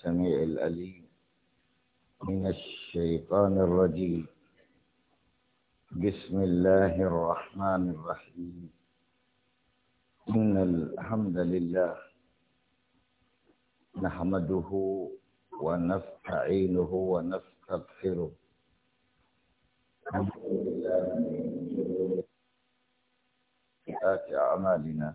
السميع الأليم من الشيطان الرجيم بسم الله الرحمن الرحيم إن الحمد لله نحمده ونستعينه ونستغفره الحمد لله من أعمالنا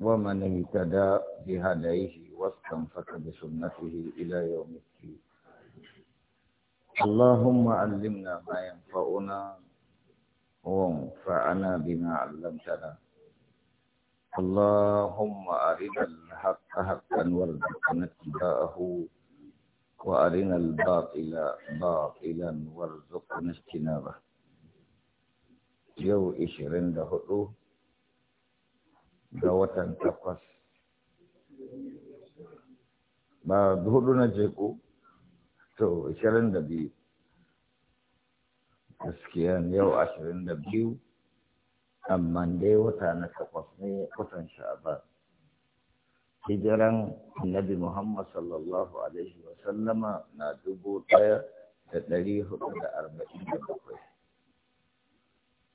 ومن اهتدى بهديه واستنفق بسنته إلى يوم الدين اللهم علمنا ما ينفعنا وانفعنا بما علمتنا اللهم أرنا الحق حقا وارزقنا اتباعه وأرنا الباطل باطلا وارزقنا اجتنابه يو إشرين دهدوه da watan takwas ba hudu na jeko to ashirin da biyu gaskiya yau ashirin da biyu amma dai wata na takwas ne watan sha'aba. hijiran annabi muhammad sallallahu alaihi wasallama na dubu ɗaya da ɗari hudu da arba'in da bakwai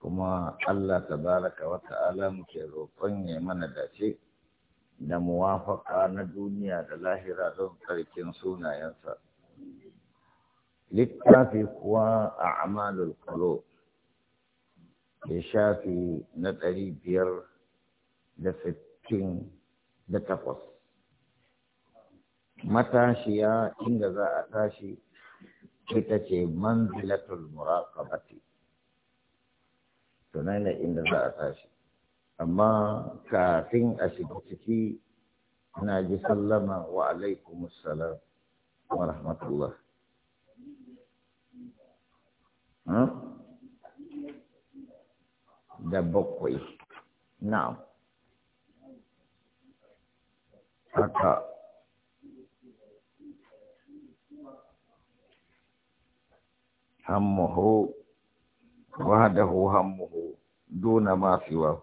kuma Allah tabaraka wa ta'ala muke roƙon ya mana dace da muwafaka na duniya da lahira don tsarkin sunayensa littafi kuwa a amalul kulo ya shafi na ɗari biyar da sittin da takwas matashiya inda za a tashi ita ce manzilatul muraqabati nan ne inda za a tashi amma kafin a shiga ciki ina ji sallama wa alaikum assalam wa rahmatullah hmm? da bakwai Na. haka hammuhu wahdahu hammuhu duna ma siwa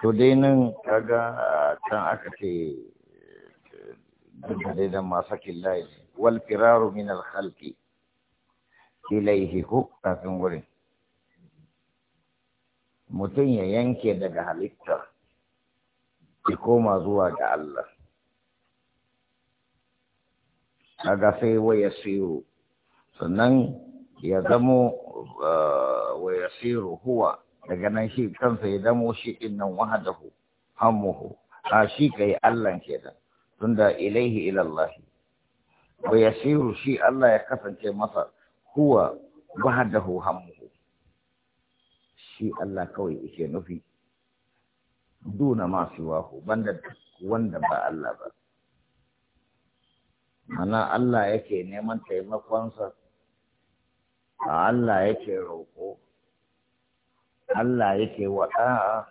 to dai nan kaga can aka ce dai da masakin layi wal firaru min al khalqi ilaihi ko kafin wurin mutum ya yanke daga halitta ya koma zuwa ga Allah kaga sai waya siyo sannan ya zamo ah, wa siru huwa daga nan shi kansa ya zamo shi nan wahadahu hammuhu a shi yi Allah kenan da ilaihi ilallahi. wa ya siru shi Allah ya kasance masa huwa wahadahu hammuhu shi Allah kawai yake nufi duna masu wahu banda wanda ba Allah ba mana Allah yake neman taimakonsa A Allah yake roƙo Allah yake waɗa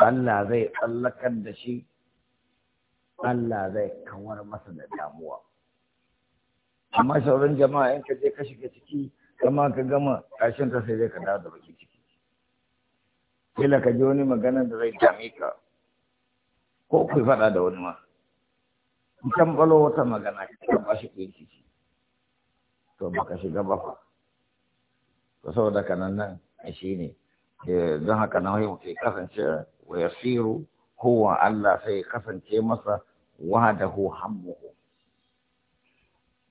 Allah zai tsallakar da shi Allah zai kawar masa da damuwa amma sauran jama'a in ka je ka shiga ciki kama ka gama ƙarshen ta sai zai ka dawo da baki ciki kila ka ji wani magana da zai dame ka ko ku faɗa da wani ma kan balo wata magana ka ba shi ciki to baka shiga ba fa to saboda kanan nan shi ne eh, don haka na yau ke kasance wa yasiru huwa Allah sai kasance masa wahdahu hammuhu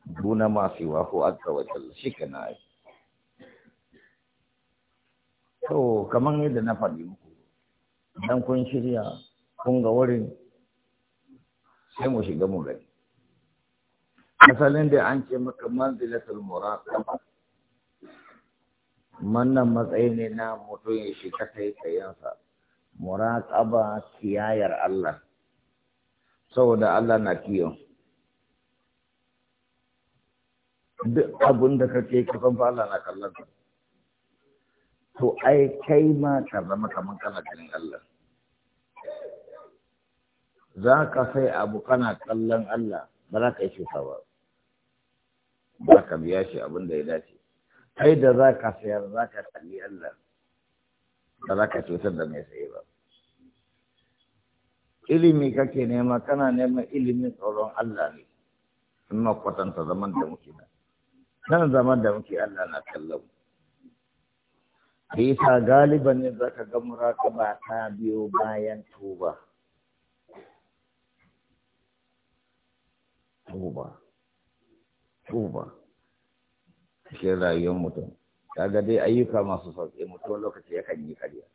duna ma ko azza wa jalla shi kana to kaman yadda na faɗi muku dan kun shirya kun ga wurin sai mu shiga mu gani asalin da an ce maka manzilatul muraqaba wannan matsayi ne na mutum ya shiga kai kayansa muraqaba kiyayar Allah saboda Allah na kiyon duk abin da kake kafan fa Allah na kallon ka to ai kai ma ka zama kaman kana ganin Allah za ka sai abu kana kallon Allah ba za ka yi ba za ka biya shi abin da ya dace kai da za ka sayar za ka kalli Allah ba za ka cutar da mai saye ba ilimi kake nema kana neman ilimin tsoron Allah ne in ma kwatanta zaman da muke na kan zaman da muke Allah na kallon da yasa galiban ne za ka ga muraƙaba ta biyo bayan tuba tuba tuba cikin rayuwar mutum kaga dai ayyuka masu sauƙi mutum lokaci yakan yi karya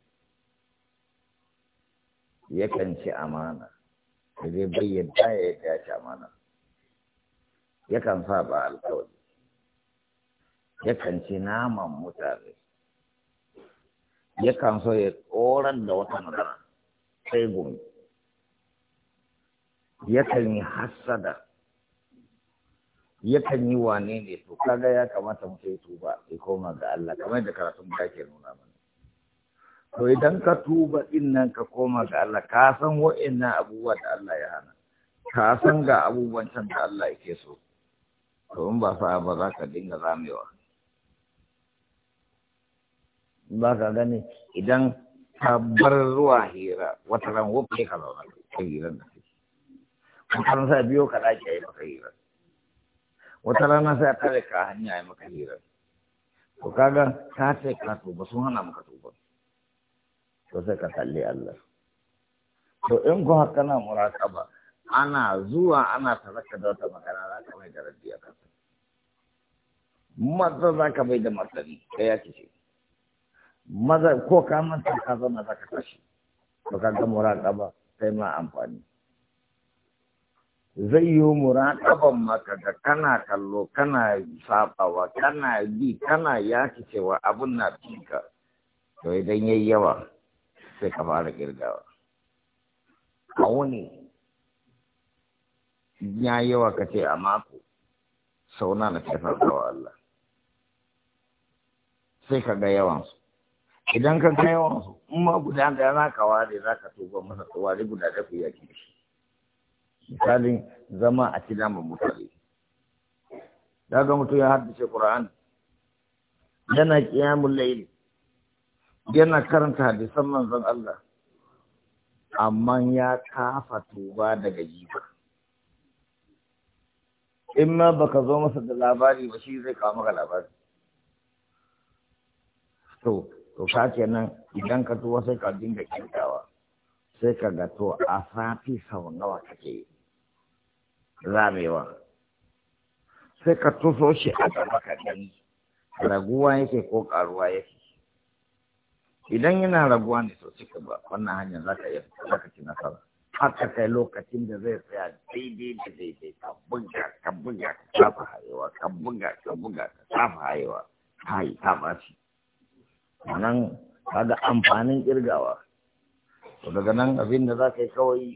yakan ci amana da zai bayyana ya ya ci amana yakan sa ba alkawari yakan ci naman mutane yakan so ya tsoron da wata magana sai gumi yakan yi hassada yakan yi wane ne to kaga ya kamata mu sai tuba sai koma ga Allah kamar da karatun da ke nuna mana to idan ka tuba din nan ka koma ga Allah ka san wa'annan abubuwa da Allah ya hana ka san ga abubuwan can da Allah yake so to in ba sa ba za ka dinga zamewa ba ka gani idan ka bar ruwa hira wata ran wuce ka zauna ka hira da kai kuma ran biyo ka dace a yi maka wata rana sai a kare ka hanya ya maka hirar to kaga ka ce ka tuba sun hana maka tuba to sai ka kalli Allah to in ko haka na muraqaba ana zuwa ana taraka da wata magana za ka mai da rabbi a kansa maza za ka mai da kai ya ce maza ko ka manta ka zama za ka tashi to kaga muraqaba sai ma amfani zai yi muraƙaban maka da kana kallo kana sabawa kana bi kana yaki cewa abun na fika to idan yi yawa sai ka fara girgawa a wuni ya yi yawa ka ce a mako sau na na farkawa Allah sai ka ga yawansu idan ka ga yawansu in ma guda da yana ka ware za ka tuba masa tsawari guda da ku yaki da shi misalin zama a cikin naman mutane daga mutum ya haddace Qur'an yana qiyamul layl yana karanta hadisan manzon Allah amma ya kafa tuba daga jiba in ma baka zo masa da labari ba shi zai kawo maka labari to to ka kenan idan ka tuwa sai ka dinga kintawa sai ka ga to a sati sau nawa kake yi ramewa sai ka tuso shi a gaba ka gani raguwa yake ko karuwa yake idan yana raguwa ne to cika ba wannan hanyar za ka iya za ka ci nasara haka kai lokacin da zai tsaya daidai da daidai ka buga ka buga ka kafa hayewa ka buga ka buga ka kafa hayewa hayi ta bashi nan kaga amfanin kirgawa to daga nan abin da za ka yi kawai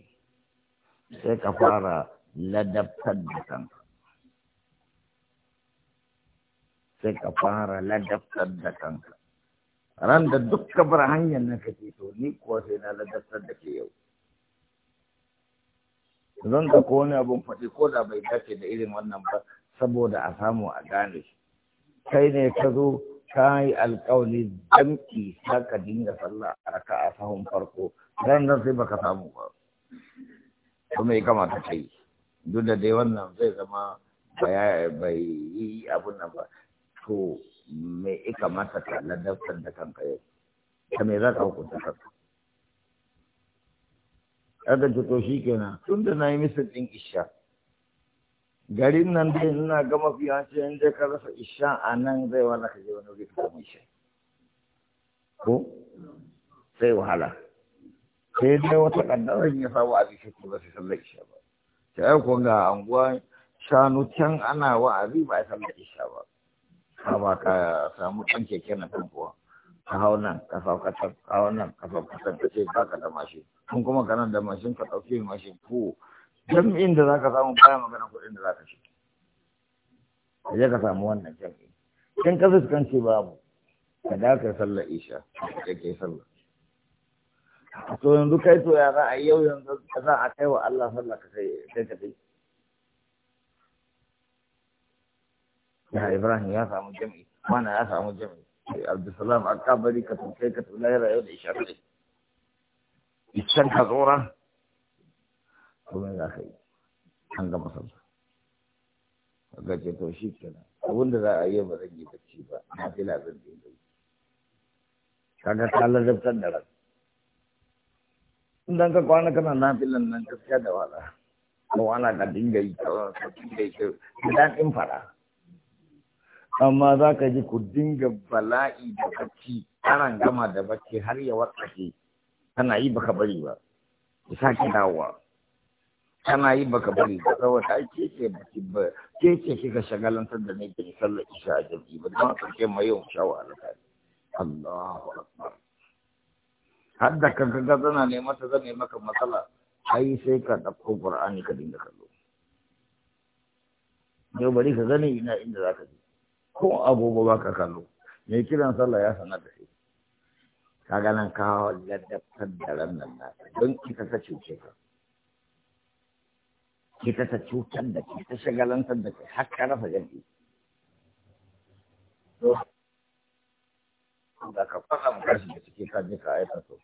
sai ka fara ladabtar da kanka sai ka fara ladabtar da kanka ran da ka bar hanyar nan kake to ni kuwa sai na ladabtar da ke yau zan ga ko wani abun faɗi ko da bai dace da irin wannan ba saboda a samu a gane kai ne ka zo ka yi alƙawari jam'i za ka dinga sallah a raka a sahun farko ran nan sai baka samu ba to me kamata ka yi duk da dai wannan zai zama bai yi abun nan ba to me ya kamata ka ladabtar da kanka yau ta me za ka hukunta kanka aka ce to shi kenan tun da na yi misa ɗin isha garin nan dai ina ga mafi yawanci in dai ka rasa isha a nan zai wani ka je wani wuri ka samu isha ko sai wahala sai dai wata ƙaddarar ya samu a bishe ko ba sai sallar isha ba ta ai kun ga anguwa shanu can ana wa'azi ba a sallar isha ba ka ba ka samu ɗan keke na kan kuwa ka hau nan ka ka can ka hau nan ka ka can ka ce ba ka da mashin kun kuma ka nan da mashin ka ɗauki mashin ku jam'in inda za ka samu baya magana kuɗin da za ka shi ka ka samu wannan jam'in in ka ce babu ka dakar sallar isha da sallar to yanzu kai to ya za a yau yanzu za a kai wa Allah sallah ka kai ka kai ya Ibrahim ya samu jami'i mana ya samu jami'i sai Abdulsalam a kabari ka kai ka tun ya rayu da kai iccen ka zora to me za ka yi an gama sallah ga ce to shi kenan abin da za a yi ba zan yi bacci ba na fila zan je da yi kaga ka ladabtar da rai idan ka kwana kana nafilan nan gaskiya da wala ka wala ka dinga yi ka dinga yi ka in fara amma za ka ji ku dinga bala'i da bacci ana gama da bacci har ya watsake kana yi baka bari ba ki sake dawowa kana yi baka bari ba saboda ai ke ce baki ba ke ce kika shagalantar da ni da ni sallar isha a jami'i ba don haka ke mai yawan shawara Allahu Akbar har da ka ga zana neman ta zane maka matsala ai sai ka ɗauko ƙur'ani ka dinga kallo yau bari ka gani ina inda za ka je ko agogo ba ka kallo mai kiran sallah ya sanar da shi ka ganin kawo ladabtar da ranar na don ita ta cuce ka ita ta cutar da ke ta shagalantar da ke har ka rasa da ka fara mu kashi da suke kan nika aikata su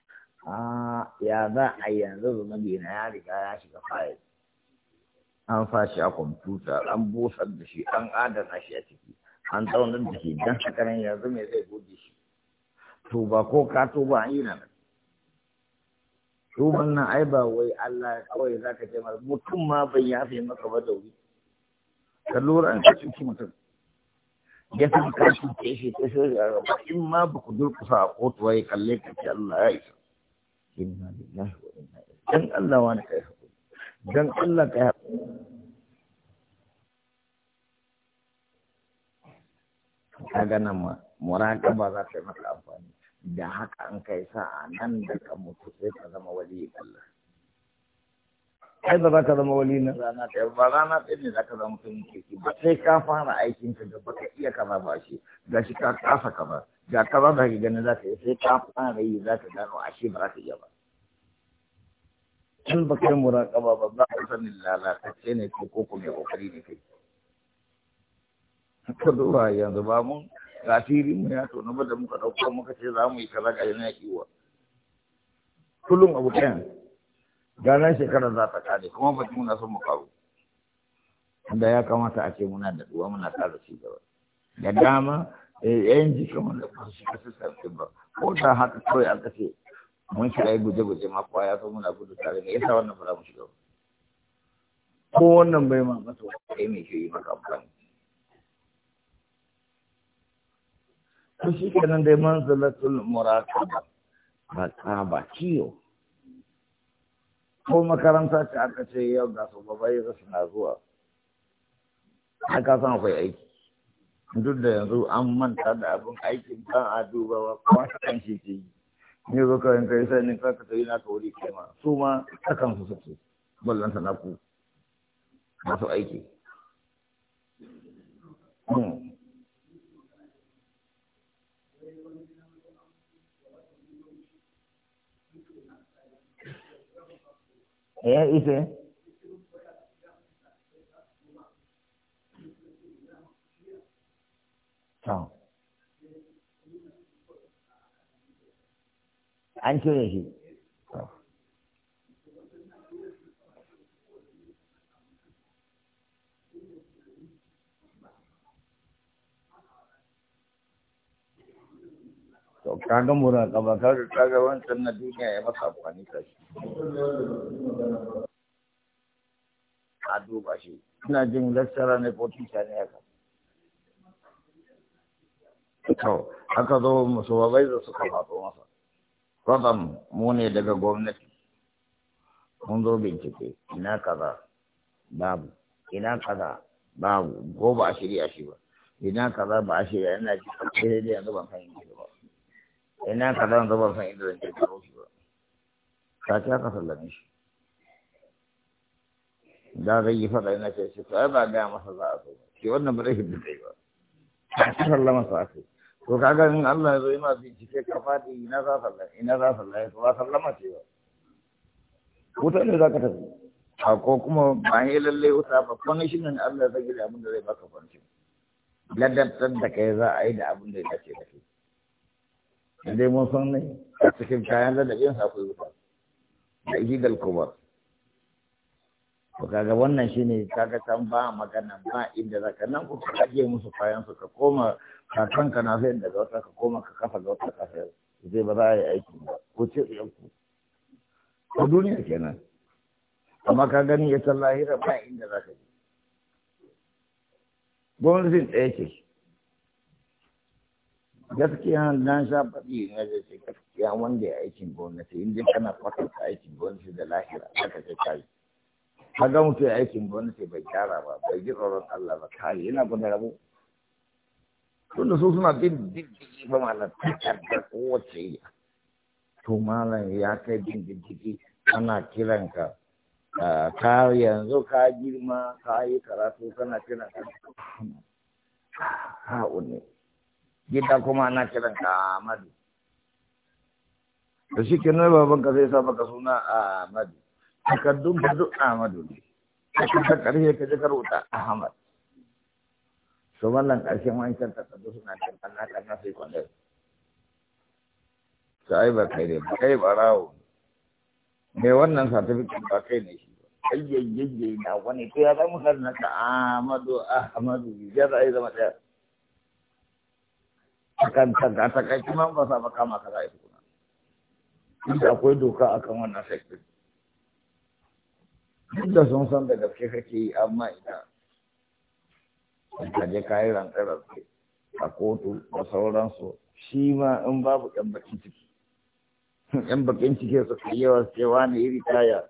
a ya za a yanzu zuma na ya riga ya shiga fayil an fashi a kwamfuta an busar da shi an adana shi a ciki an tsaunar da shi don hakanan yanzu mai zai goge shi to ba ko ka to ba an yi na tuban nan ai ba wai Allah ya kawai zaka ce mutum ma bai yafe maka ba da wuri ka lura an kashi mutum ya san ka cuce shi ta shirya ba in ma ba ku durkusa a kotuwa ya kalle ka ce Allah ya isa inna lillahi wa inna ilaihi dan Allah wani kai hakuri dan Allah kai kaga nan ma ba za ta yi maka amfani da haka an kai sa a nan da ka mutu sai ka zama wali Allah ai ba za ka zama wali na rana ɗaya ba rana ɗaya ne za ka zama mutumin kirki ba sai ka fara aikin ka da baka iya kaza ba shi ga shi ka kasa ba ga kaza ba ka gani za ka yi sai ka fara yi za ka gano ashe ba za ka iya ba tun ba kai ba za ka sani lalatacce ne ko ko kuma kokari ne kai ka duba yanzu ba mun firin mu ya tona ba da muka ɗauka muka ce za mu yi kaza ga yana kiwa kullum abu ɗayan ganar shekarar za ta kare kuma ba muna son mu da wanda ya kamata a ce muna da duwa muna kara ci gaba da dama eh, yan jika da ba shi kasu sassarfi ba ko ta haka kawai aka ce mun shiga yi guje-guje ma kuwa ya so muna gudu tare ne yasa wannan ba za mu shiga ba ko wannan bai ma masa wani kai mai shi yi maka amfani to shi kenan dai manzalatul murakaba ba ba ciwo ko makaranta ce aka ce yau ga su ba bai na zuwa haka san akwai aiki duk da yanzu an manta da abin aikin kan a duba ba kuma kan shi ce yi ne zo ka yanka yi sanin ka ka yi naka wuri ke ma su ma kan su suke ballanta na ku masu aiki hmm. eh ise to an cire shi to kaga mura kaba kaga kaga wancan na duniya ya masa amfani da shi a duba shi ina jin lassara ne ko tuta ne haka to aka zo musu babai da suka fato masa kwatsam mu ne daga gwamnati mun zo bincike ina kaza babu ina kaza babu ko ba a shirya shi ba ina kaza ba a shirya ina ji sai dai yanzu ban fahimci ba ina kaza yanzu ban fahimci da ba sake ka sallame shi da zai yi faɗa yana ce shi to ai ba gaya masa za a so shi wannan ba zai hidda zai ba sake sallama sa Ko to ga in Allah ya zo yana bincike ka faɗi ina za sallame ina za sallame to ba sallama ce ba wuta ne za ka tafi ko kuma ba ya lalle wuta ba shi kwanishinan Allah zagi da abin da zai baka kwanci ladabtar da kai za a yi da abin da ya dace da kai. Dai mun san ne a cikin kayan ladabin sa akwai wuta. da ihidal kubar kaga wannan shi ne kaga can ba magana ba inda za ka nan kuka kaje musu kayan su ka koma kakan ka na sayar daga wata ka koma ka kafa ga wata ka sayar zai ba za a yi aiki ba ko ce su ku ko duniya kenan amma ka gani ya san lahira ba inda za ka je gwamnatin ɗaya ce gaskiya na sha faɗi na zai ce Yan wanda ya aikin gwamnati in dai kana kwatanta aikin gwamnati da lahira aka ce kai ka ga mutum ya aikin gwamnati bai gyara ba bai ji tsoron Allah ba kai yana gwada rabu tun da su suna bin diddigi ba malam da kowace yi to malam ya kai bin diddigi ana kiran ka ka yanzu ka girma ka yi karatu kana kiran ka ha'u ne gida kuma ana kiran ka amadu da shi kenan baban ka zai sa maka suna Ahmadu takardun ka duk Ahmadu ne ta karshe ka ji karuta Ahmad to wannan karshen wancan takardu suna cin kanna na sai kwalle sai ba kai ne ba kai barawo me wannan certificate ba kai ne shi ayyayyaye na wani to ya zama kan na ka Ahmadu Ahmadu ya zai zama ɗaya akan ta ga ta kai kuma ba sa ba kama ka zai inda akwai doka akan wannan sektor duk da sun san da gaske kake yi amma ina kaje je ka yi a kotu da sauransu shi ma in babu yan bakin ciki Yan bakin ciki su kai yawa cewa ne iri ritaya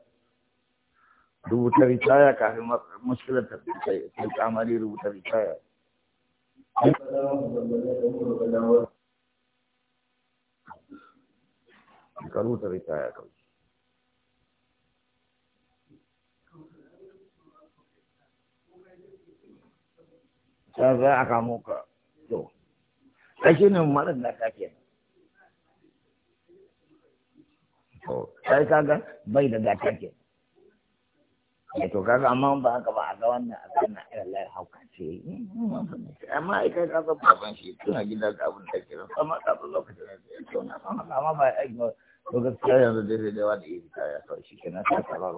rubuta ritaya kafin muskilar ta kai kamar rubuta ritaya. ka rubuta ritaya kawai ta za a kamo ka to kashi ne marar da kaga bai da eh, ba haka a ga a na irin layar hauka ce amma ai kai kaga baban gida ga abin da ke da aiki to gaskiya yanzu dai zai dawa da iri kaya kawai shi kenan sai ka bar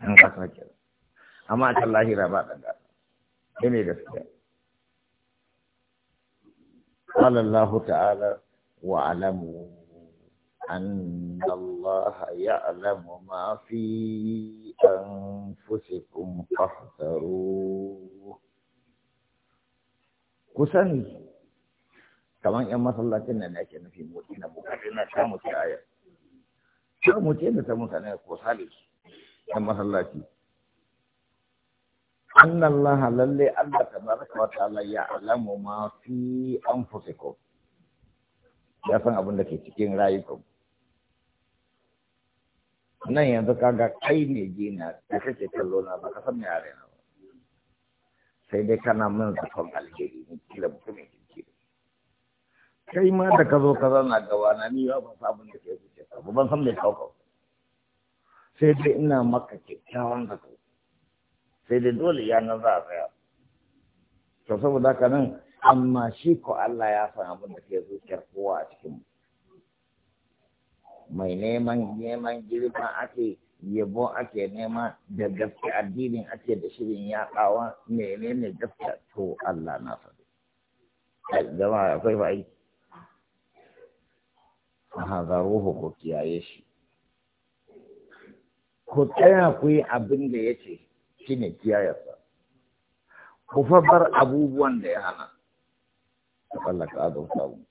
an ka sake amma a kan lahira ba ɗan shi ne gaskiya kamar yan masallacin nan da ake nufi motsi na bukari na sha mutu aya sha mutu da ta mutane ko sale yan masallaci anna allaha lalle allah ta tabaraka wa ta'ala ya alamu ma fi anfusikum ya san abin da ke cikin rayukanku nan yanzu kaga kai ne gina da kake kallo na ba ka san me yare na sai dai kana min zaton alheri ne kila mutumin kai ma da ka zo ka zana gaba na ni ba ban san abin da ke zuciya ka ba ban san me kawo sai dai ina maka kyakkyawan da kai sai dai dole ya nan za a tsaya to saboda haka nan amma shi ko Allah ya san abin da ke zuciyar kowa a cikin mai neman neman girma ake yabo ake nema da gaske addinin ake da shirin yaƙawa menene gaske to Allah na faɗi. Jama'a akwai ba'i hazaruhu ku kiyaye shi ku tsaya ku yi abin da ya ce shi ne kiyayarsa ku fabar abubuwan da ya hana ta tsallaka adon samu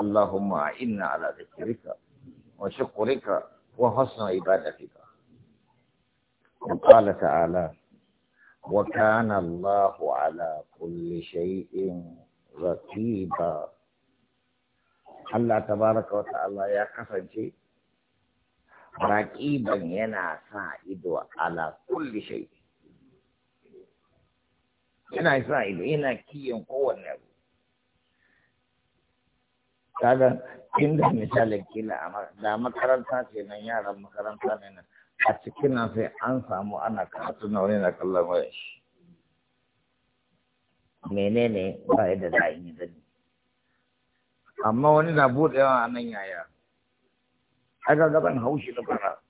Allahumma inna ala zikirika wa shukurika wa husna ibadatika قال تعالى وكان ala على كل شيء ba. Allah tabaraka wa Allah ya kasance raqiban yana sa ido ala kulli shay yana sa ido yana kiyon kowanne abu kaga inda misalin kila da makaranta ce nan yaran makaranta ne nan a cikin nan sai an samu ana karatu na wani na kallon wayan shi menene ba yadda za a yi zani amma wani na buɗewa a nan yaya aka ɗan haushi da fara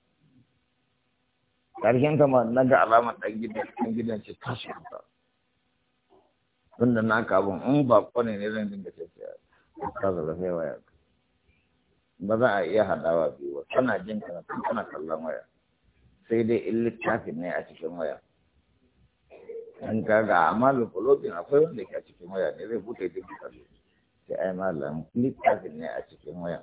ƙarshen kama na ga alamar ɗan gidan gidan ce tashi ta tunda na kabin in ba kone ne zan dinga ce ta da sai waya ba za a iya haɗawa biyu ba kana jin kana kana kallon waya sai dai in littafin ne a cikin waya an kaga amma lukulobin akwai wanda ke a cikin waya ne zai buɗe jin kallon sai ai malam littafin ne a cikin wayan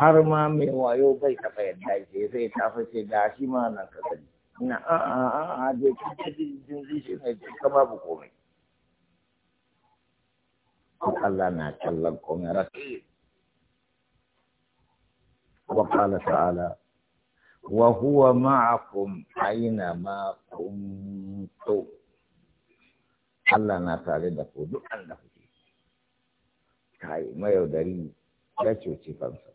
har ma mai wayo bai taɓa yadda ke sai ta fice da shi ma nan ka gani na a a a a je ka ji jinzi shi ne ka babu komai Allah na kallon komai rafi wa qala ta'ala wa huwa ma'akum aina ma kuntum Allah na tare da ku duk an da ku kai mayaudari ya cuci kansa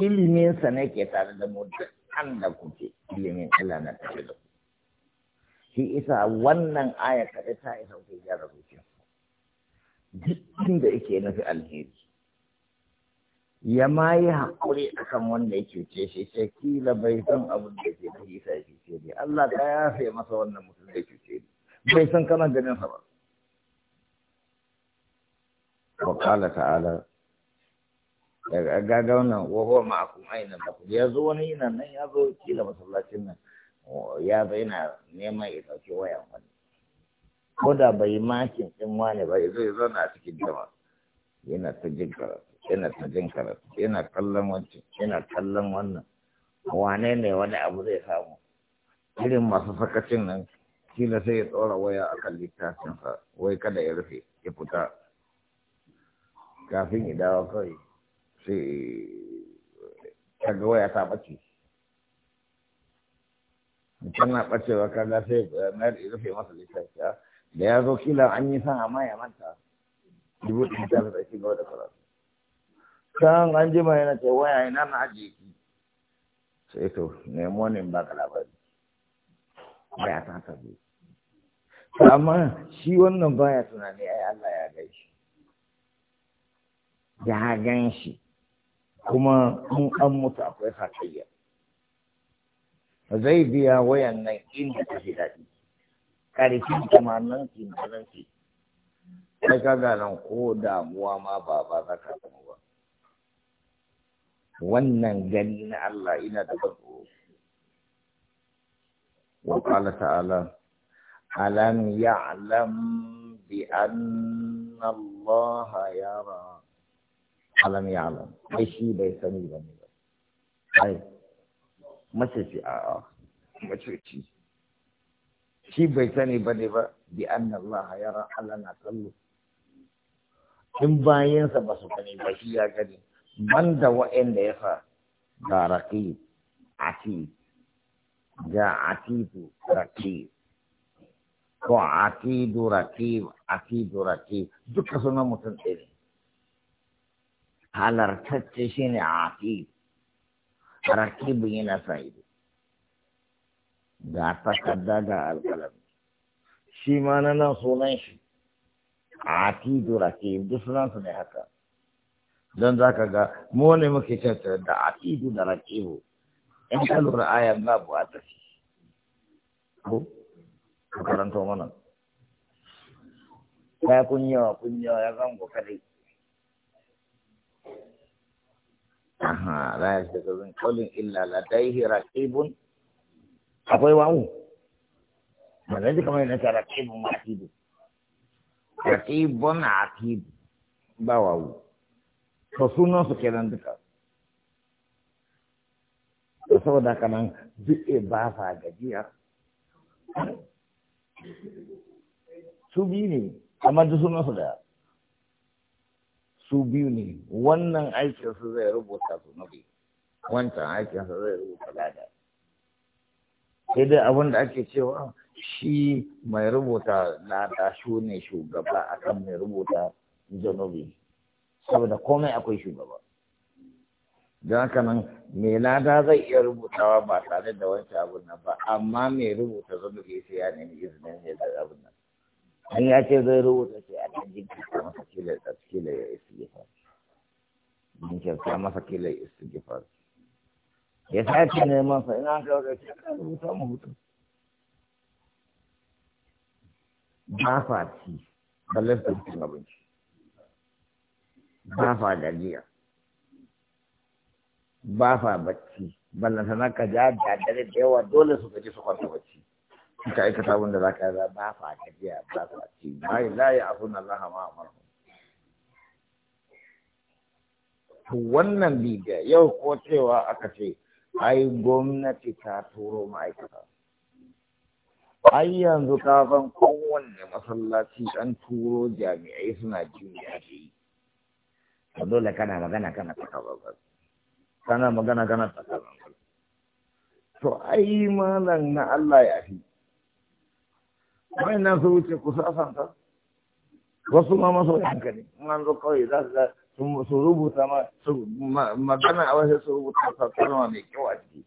ilimin sa ne ke tare da mu duk an da kuke ilimin Allah na tare da ku shi isa wannan aya kaɗai ta isa ku gyara zuciya duk inda yake nufi alheri ya ma yi haƙuri a kan wanda ya cuce shi sai kila bai san abin da ke da isa ya cuce ni Allah ta yafe masa wannan mutum da ya cuce ni bai san kana ganin sa ba وقال تعالى ga wannan wahuwa ma'akum aina ku ya zo wani yana nan ya zo kila masallacin nan ya zo yana neman ya ɗauki wayan wani ko da bai makin ɗin wani ba ya zo ya zauna a cikin jama'a yana ta jin karatu yana ta jin karatu yana kallon wancan yana kallon wannan wane ne wani abu zai samu irin masu sakacin nan kila sai ya tsora waya akan littafinsa wai kada ya rufe ya fita kafin ya dawo kawai sai kaga waya ta bace mutum na ɓacewa kaga sai na rufe masa littafi ah. da ya zo kila an yi san amma ya manta dubu ɗin ta da shi gaba da karatu kan an jima yana ce waya ina na ajiye ki sai to nemo ne ba ka labari waya ta tafi amma shi wannan baya tunani ai Allah ya gaishe ya gan shi kuma in an mutu akwai sakayya zai biya wayan nan inda ta fi daɗi ƙarfin kamanin kimanin fi sai ka ganin ko damuwa ma ba ba za ka samu ba wannan gani na Allah ina da ban wa ƙala ta'ala alam ya'lam bi anna Allah yara alam ya alam mai shi bai sani ba ne ai mace ce a mace ce shi bai sani ba ne ba bi anna Allah ya ra Allah na kallo in bayansa ba su gani ba shi ya gani banda wa'anda ya sa ga ati ga ati tu raqi ko raqi ati du raqi duka sunan mutum ɗaya ne halartacce shi ne aƙi rakibin na sa'idu ga takarda da alƙalam shi ma na nan sunan shi atidu rakib duk sunansu ne haka don za ka ga mu ne muke canta da atidu da rakibu in ka lura ayan babu a tafi ko karanto mana ya kun yawa kun yawa ya zango kadai aha la yasdudu min qawlin illa hira raqibun akwai wawu mana ji kamar yana ta raqibun atibu raqibun atibu ba wawu to suna su kenan duka to saboda da nan duk ba sa gajiya su biyu ne amma duk suna su daya su biyu ne wannan aikin su zai rubuta su wancan aikin zai rubuta lada sai dai abin da ake cewa shi mai rubuta lada shi ne shugaba akan mai rubuta janobi saboda komai akwai shugaba don haka nan mai lada zai iya rubutawa ba tare da wancan abin nan ba amma mai rubuta zanubi sai ya nemi izinin ne da abin nan an ya ce zai rubuta sai a kan jinkirta masa kila ya kila ya istighfar jinkirta masa kila ya istighfar ya sake neman sa ina kawo wanda ke ka rubuta mu hutu ba fa ci lafi da cin abinci ba fa gajiya ba fa bacci ballan sana ka ja da dare da yawa dole su gaji su kwanta bacci ka aikata abin da za ka yi ba fa gajiya ba fa ci mai layi abun Allah ma amarhu to wannan bidiya yau ko cewa aka ce ai gwamnati ta turo ma'aikata ai yanzu ka kowanne masallaci an turo jami'ai suna jin yaji to dole kana magana kana taka babbar kana magana kana taka babbar to ai malam na Allah ya fi nan su wuce ku sasanta wasu ma maso hankali in an zo kawai za su su rubuta ma su magana a wasu su rubuta su kalma mai kyau a ciki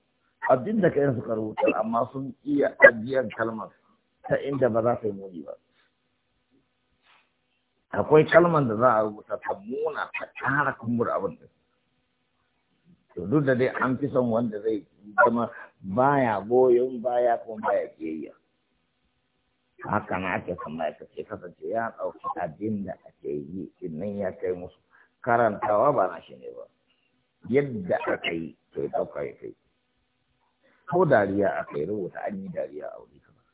abin da kayan suka rubuta amma sun iya ajiyar kalmar ta inda ba za ta yi muni ba akwai kalmar da za a rubuta ta muna ta kara kumbur abin da to duk da dai an fi son wanda zai zama baya goyon baya kuma baya kiyayya haka na ake kamar ya ce kasance ya ɗauki abin da ake yi innan ya kai musu karantawa ba na shi ne ba yadda aka yi to ɗauka ya kai ko dariya aka yi rubuta an yi dariya a wuri kamar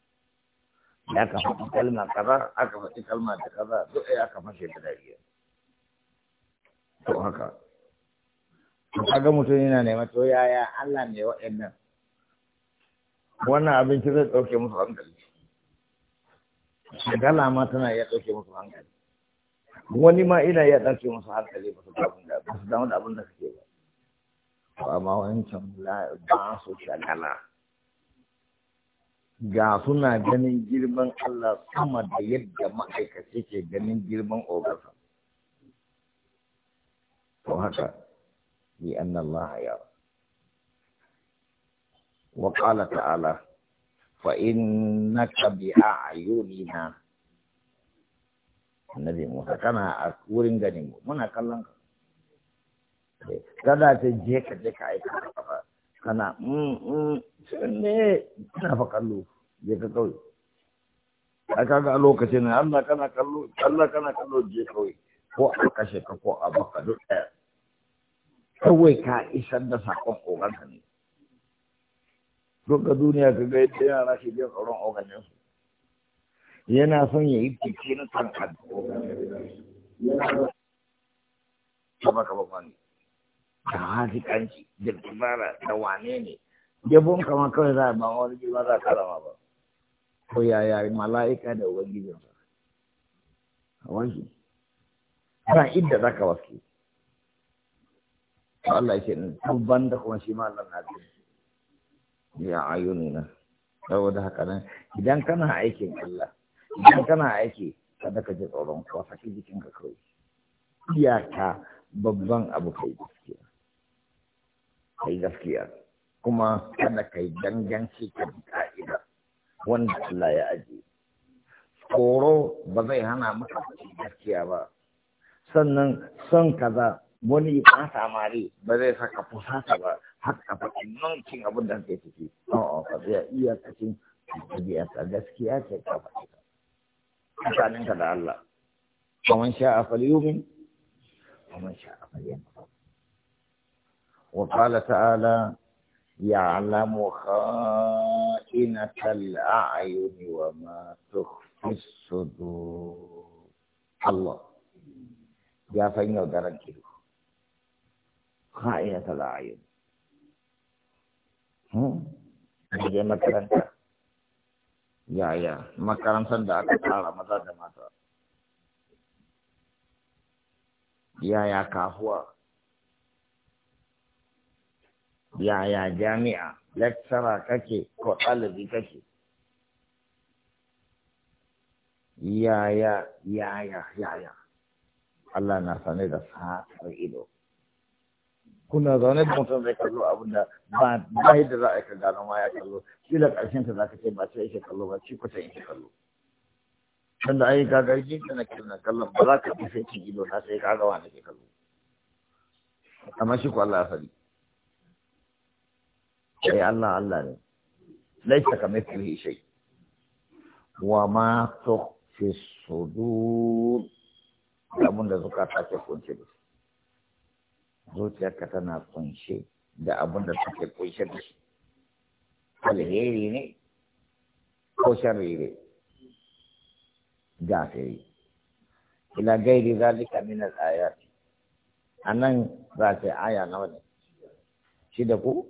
Ya ka faɗi kalma kaza aka faɗi kalma da kaza duk ɗaya aka fashe da dariya to haka to kaga mutum yana nema to yaya Allah ne wa'annan wannan abinci zai ɗauke musu hankali shagala ma tana iya ɗauke musu hankali wani ma ina iya ɗauke musu hankali ba su damu da abin da suke ba ba wancan ba su shagala ga suna ganin girman Allah sama da yadda ma'aikaci ke ganin girman ogarsa. To haka, bi annan ya ta'ala, Wa ka فإنك بأعيننا النبي موسى كان أقول إنني kallon ka eh, kada ta je ka je ka aika kana mm, mm ne Kana fa kallo je ka kawai a kaga a lokacin na, Allah kana kallo Allah kana kallo je kawai ko a kashe ka ko a baka duk ɗaya kawai ka isar da sakon ƙoƙarka ne duk ka duniya ka ga yadda yana shi jin tsoron oganin su yana son ya yi fice na kan kama kama kwani da hafi kanci da kibara da wane ne jabon kama kawai za a ba wani girma za a karama ba ko yaya mala'ika da ubangijin sa a wanki ana inda za ka wasu Allah ya ce ban da kuma shi ma Allah na biyu ya ayunina saboda haka nan idan kana aikin Allah idan kana aiki kada ka ji tsoron kowa saki kai. iya ta babban abu kai gaskiya kai gaskiya kuma kada kai danganci ka bi ka'ida wanda Allah ya aje tsoro ba zai hana maka gaskiya ba sannan son kaza wani ba samari ba zai saka fusata ba hak apa haka faɗi nonkin abin da ake ciki a'a iya tsaya jadi apa gaskiya ce apa kita. ka yang kata Allah apa liumin? فليؤمن ومن apa فليكفر وقال تعالى يعلم خائنة الأعين وما تخفي الصدور الله يا فين يا دارك خائنة الأعين Hmm? da je makaranta yaya makarantar da aka tsara maza da mata yaya kahuwa yaya jami'a lecturer kake ko ɗalibi kake yaya yaya yaya Allah na sane da sa'ar ido kuna zaune da mutum zai kallo abin da ba yadda za a ka gano ma ya kallo kila karshen ta zaka ce ba ta yake kallo ba shi kusa yake kallo tunda ai ka ga jin da kira na kallon ba za ka ji sai ido na sai ka ga wanda ke kallo amma shi ko Allah ya sani sai Allah Allah ne laisa kamithlihi shai, wa ma fi sudur abin da zukata ke kunce da zuciyarka tana kunshe da abin da suke kunshe da shi alheri ne ko sharri ne gafiri ila gairi zalika min al'ayat. a anan za ta aya nawa ne shi da ku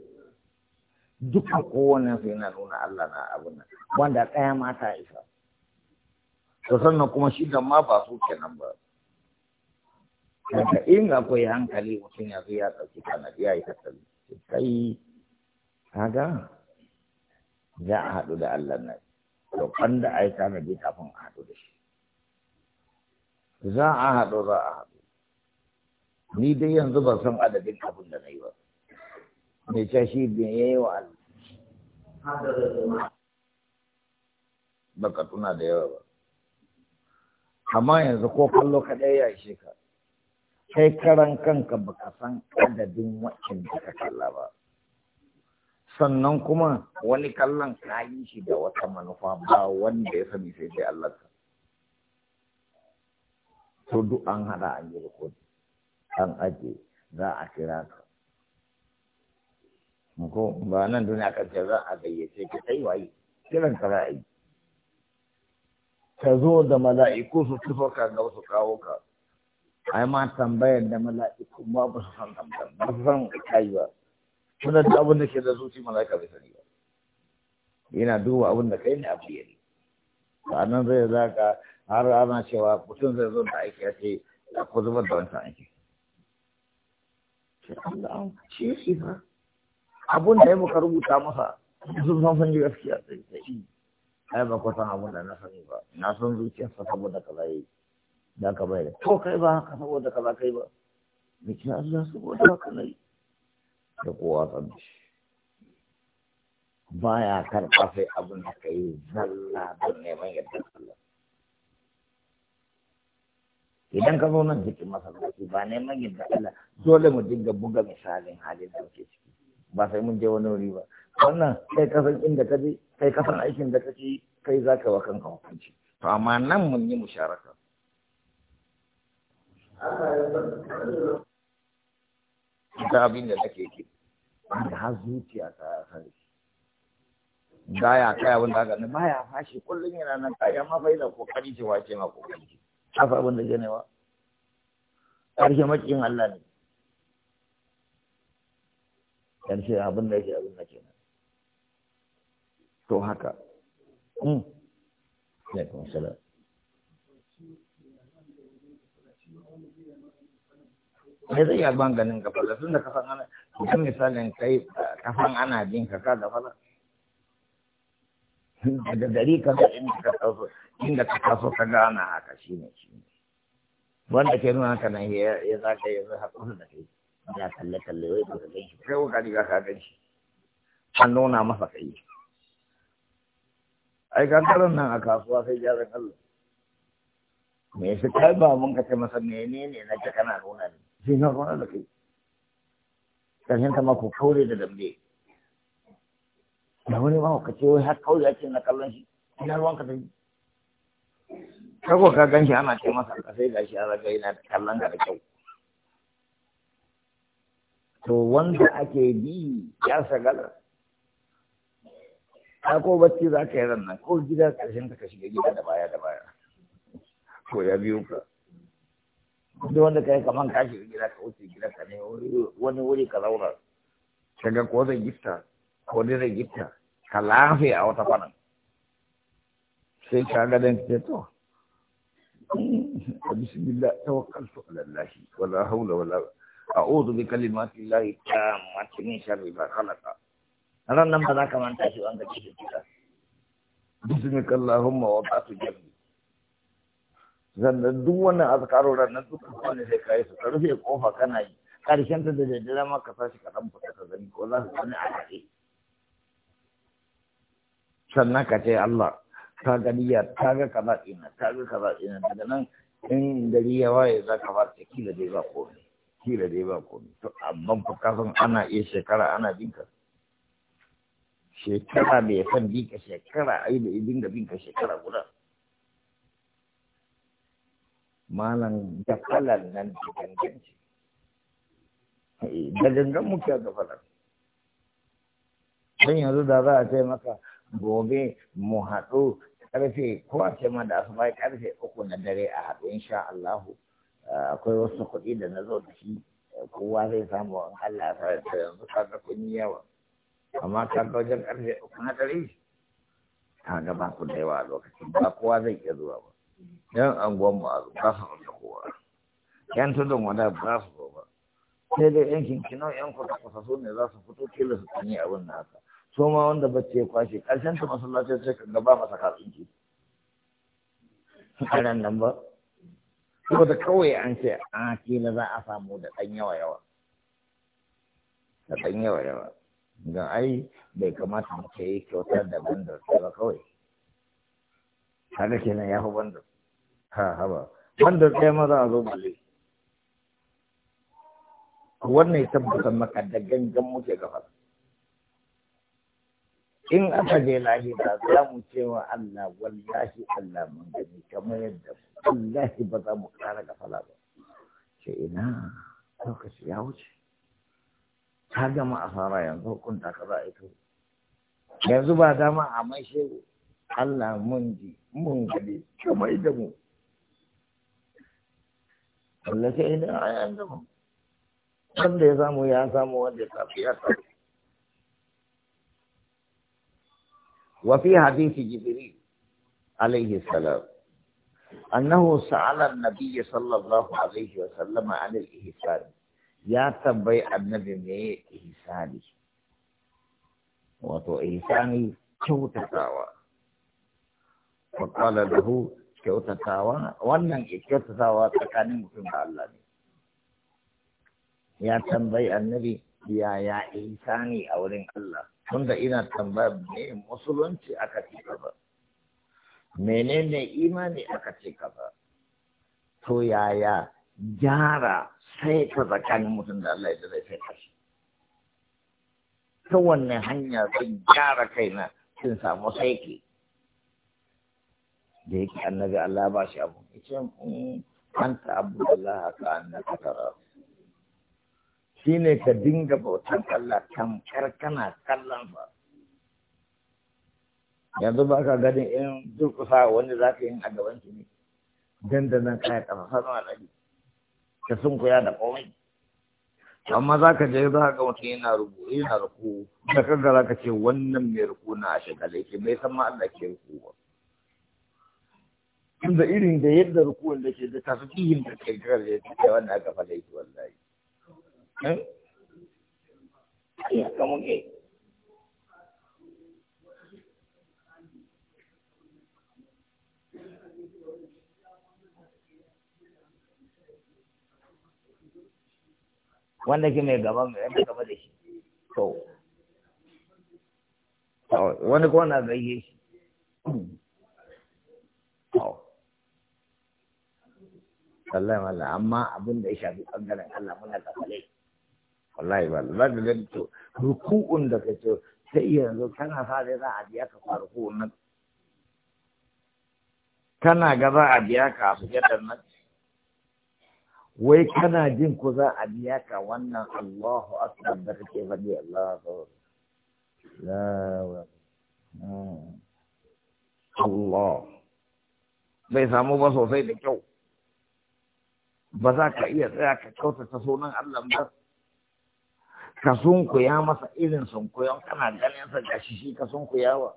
duka kowane su yana nuna Allah na abin wanda ɗaya mata isa to sannan kuma shi da ma ba su kenan ba Daga in akwai hankali mutum ya zo ya ɗauki tanadi ya yi hasali. Kai, kaga za a haɗu da Allah na Roƙon da a yi tanadi kafin a haɗu da shi. Za a haɗu za a haɗu. Ni dai yanzu ban san adadin abin da na yi ba. Mai cashi bin ya yi wa Allah. Baka tuna da yawa ba. Amma yanzu ko kallo kaɗai ya yi shekaru. kai karan kanka baka san adadin waccan da ka kalla ba sannan kuma wani kallon ka yi shi da wata manufa ba wanda ya sani sai dai Allah ta to duk an hada an yi rikodi an aje za a kira ka ko ba nan duniya kan ce za a gayyace ka kai waye kiran ka za a yi ka zo da mala'iku su tufa ka ga su kawo ka ai ma tambayar da mala'iku ma ba su san tambayar ba su san kai ba suna da abin da ke da zuci mala'ika bai sani ba yana duba abin da kai ne abu yari Sannan zai zaka har ana cewa mutum zai zo da aiki ya ce ku zubar da wancan aiki shi shi ba abun da ya muka rubuta masa sun san san gaskiya sai sai ai ba ku san abun da na sani ba na san zuciyarsa saboda kaza yi da ka bayar to kai ba haka saboda ba kai ba bikin Allah saboda haka nai da kowa tsanci baya karɓa sai abin da kai zalla don neman yadda Allah idan ka zo nan cikin masallaci ba neman yadda Allah dole mu dinga buga misalin halin da muke ciki ba sai mun je wani wuri ba wannan kai kasan inda ka je kai kasan aikin da kake kai zaka wa kanka hukunci to amma nan mun yi musharaka ta abin da take ke da har zuciya ta sani gaya kai abin da ba baya fashi kullum yana nan kaya amma fa yana kokari ce wace ma kokari ce haka abin da wa karshe makin Allah ne karshe abin da yake abin da ke nan to haka hmm. alaikum salam me zai yi ban ganin ka fara tun da kasan san ana idan misalin kai ka ana bin ka ka da fara daga gari ka da inda ka taso inda ka taso ka gana haka shine shine wanda ke nuna ka nan ya ya yi yanzu hakuri da kai ya kalle kalle wai ka gan shi kai ka riga ka gan shi an nuna masa kai ai kankaran nan a kasuwa sai jarin Allah me su kai ba mun ka ce masa menene na ka kana nuna ne sai na da kai ƙarshen ta mako kaure da dambe da wani ma ka ce wai har kaure ake na kallon shi ina ruwan ka ta yi kago ka gan shi ana ce masa kasai sai gashi a raga yana kallon ka da kyau to wanda ake bi ya sagala ta ko bacci za ka yi ranar ko gida ƙarshen ka shiga gida da baya da baya ko ya biyo ka duk wanda kai kaman ka shiga gida ka wuce gida ka ne wani wuri ka zauna ka ga ko zai gifta ko dai zai gifta ka lafe a wata kwanan sai ka ga dan ce to bismillah tawakkaltu ala allah wala hawla wala a'udhu bi kalimati allah tammati min sharri ma khalaqa ran nan ba za ka manta shi wanda ke cikin bismillah allahumma wa ba'tu jannah sannan duk wannan azkaro da dukkan kowane sai zai yi su ka rufe kofa kana yi karshen ta da daddare ma ka tashi ka dan fita ka gani ko za su sani a kaɗe sannan ka ce Allah ta ga niyya ta ga kaza ina ta ga kaza ina daga nan in gari ya waye za ka fara kila dai ba komai kila dai ba komai to amma fa ka san ana iya shekara ana bin ka shekara bai san bin ka shekara ai bai bin binka bin ka shekara guda malam Jafalan nan da gangan shi eh, da gangan muke gafalar don yanzu da za a ce maka gobe mu haɗu karfe ko a ce ma da asuba karfe uku na dare a haɗu insha Allahu eh, akwai wasu kuɗi da na zo da shi eh, kowa zai samu an Allah ta sa yanzu kaga kun yi yawa amma ka ga wajen karfe uku na dare ka ga ba ku da yawa lokacin ba kowa zai iya zuwa ba yan anguwan mu a ba su da kowa yan tudun wanda ba su zo ba sai dai yan kinkinau yan kusa kusa su ne za su fito kila su tsanyi abin na haka su ma wanda bacci ya kwashe ƙarshen ta masallaci sai ka gaba masa katsinki Su ran nan ba Ko da kawai an ce a kila za a samu da ɗan yawa yawa da ɗan yawa yawa ga ai bai kamata mu yi kyautar da bandar ba kawai ke kenan ya fi bandar ha haba bandar ɗaya ma za a zo balle wannan ya tabbatar maka da gangan muke gaba in aka je lahira za mu ce wa Allah wallahi Allah mun gani kamar yadda wallahi ba za mu kara gafa ba ce ina lokaci ya wuce ta gama asara yanzu hukunta ka za a yanzu ba dama a mai shehu Allah mun ji mun gade kamar da mu Allah sai idan ayan da mu wanda ya samu ya samu wanda ya samu ya samu وفي حديث جبريل عليه السلام أنه سأل النبي صلى الله عليه وسلم عن الإحسان يا تبي النبي ما إحساني وتو إحساني كوتتاوى faƙala da hu kyautatawa wannan kyautatawa tsakanin mutum da Allah ne ya tambayi annabi ya yaya ne a wurin Allah tunda ina tambaya me musulunci aka ce ba. menene imani aka ce ba. to yaya gyara sai ka tsakanin mutum da Allah ya zai kashi ta wannan hanya zan gyara kaina sun samu saiki da yake annabi Allah ba shi abu yace mm, anta abdullah ka annaka tara shine ka dinga bautan Allah tamkar kana kallon ba yanzu ba ka ganin in durkusa wani za ka yi a gaban shi ne dandanan kaya kafafa na ɗari ka sun kuya da komai amma za ka je za ka mutum yana rubu yana ruku da kaga za ka ce wannan mai ruku na a shekale ke bai san ma Allah ke ruku ba inda irin da yadda rukuwan da ke da tasbihin da ke kar da ke wanda aka fada shi wallahi ya eh? haka muke wanda ke mai gaba mai gaba da shi to wani kuma na gaishe shi wallahi wallahi amma abin da ya shafi bangaren Allah muna kafale wallahi ba da gani to ruku'un da ka ce sai yanzu kana fara za a biya ka ruku'un nan kana ga za a biya ka sujadar nan wai kana jin ko za a biya ka wannan Allahu akbar da kake faɗi Allahu la hmm. Allah bai samu ba sosai da kyau ba za ka iya tsaya ka kyautata sunan Allah ba ka ya masa irin sunkuyon kana ganin sa gashi shi ka sunkuyawa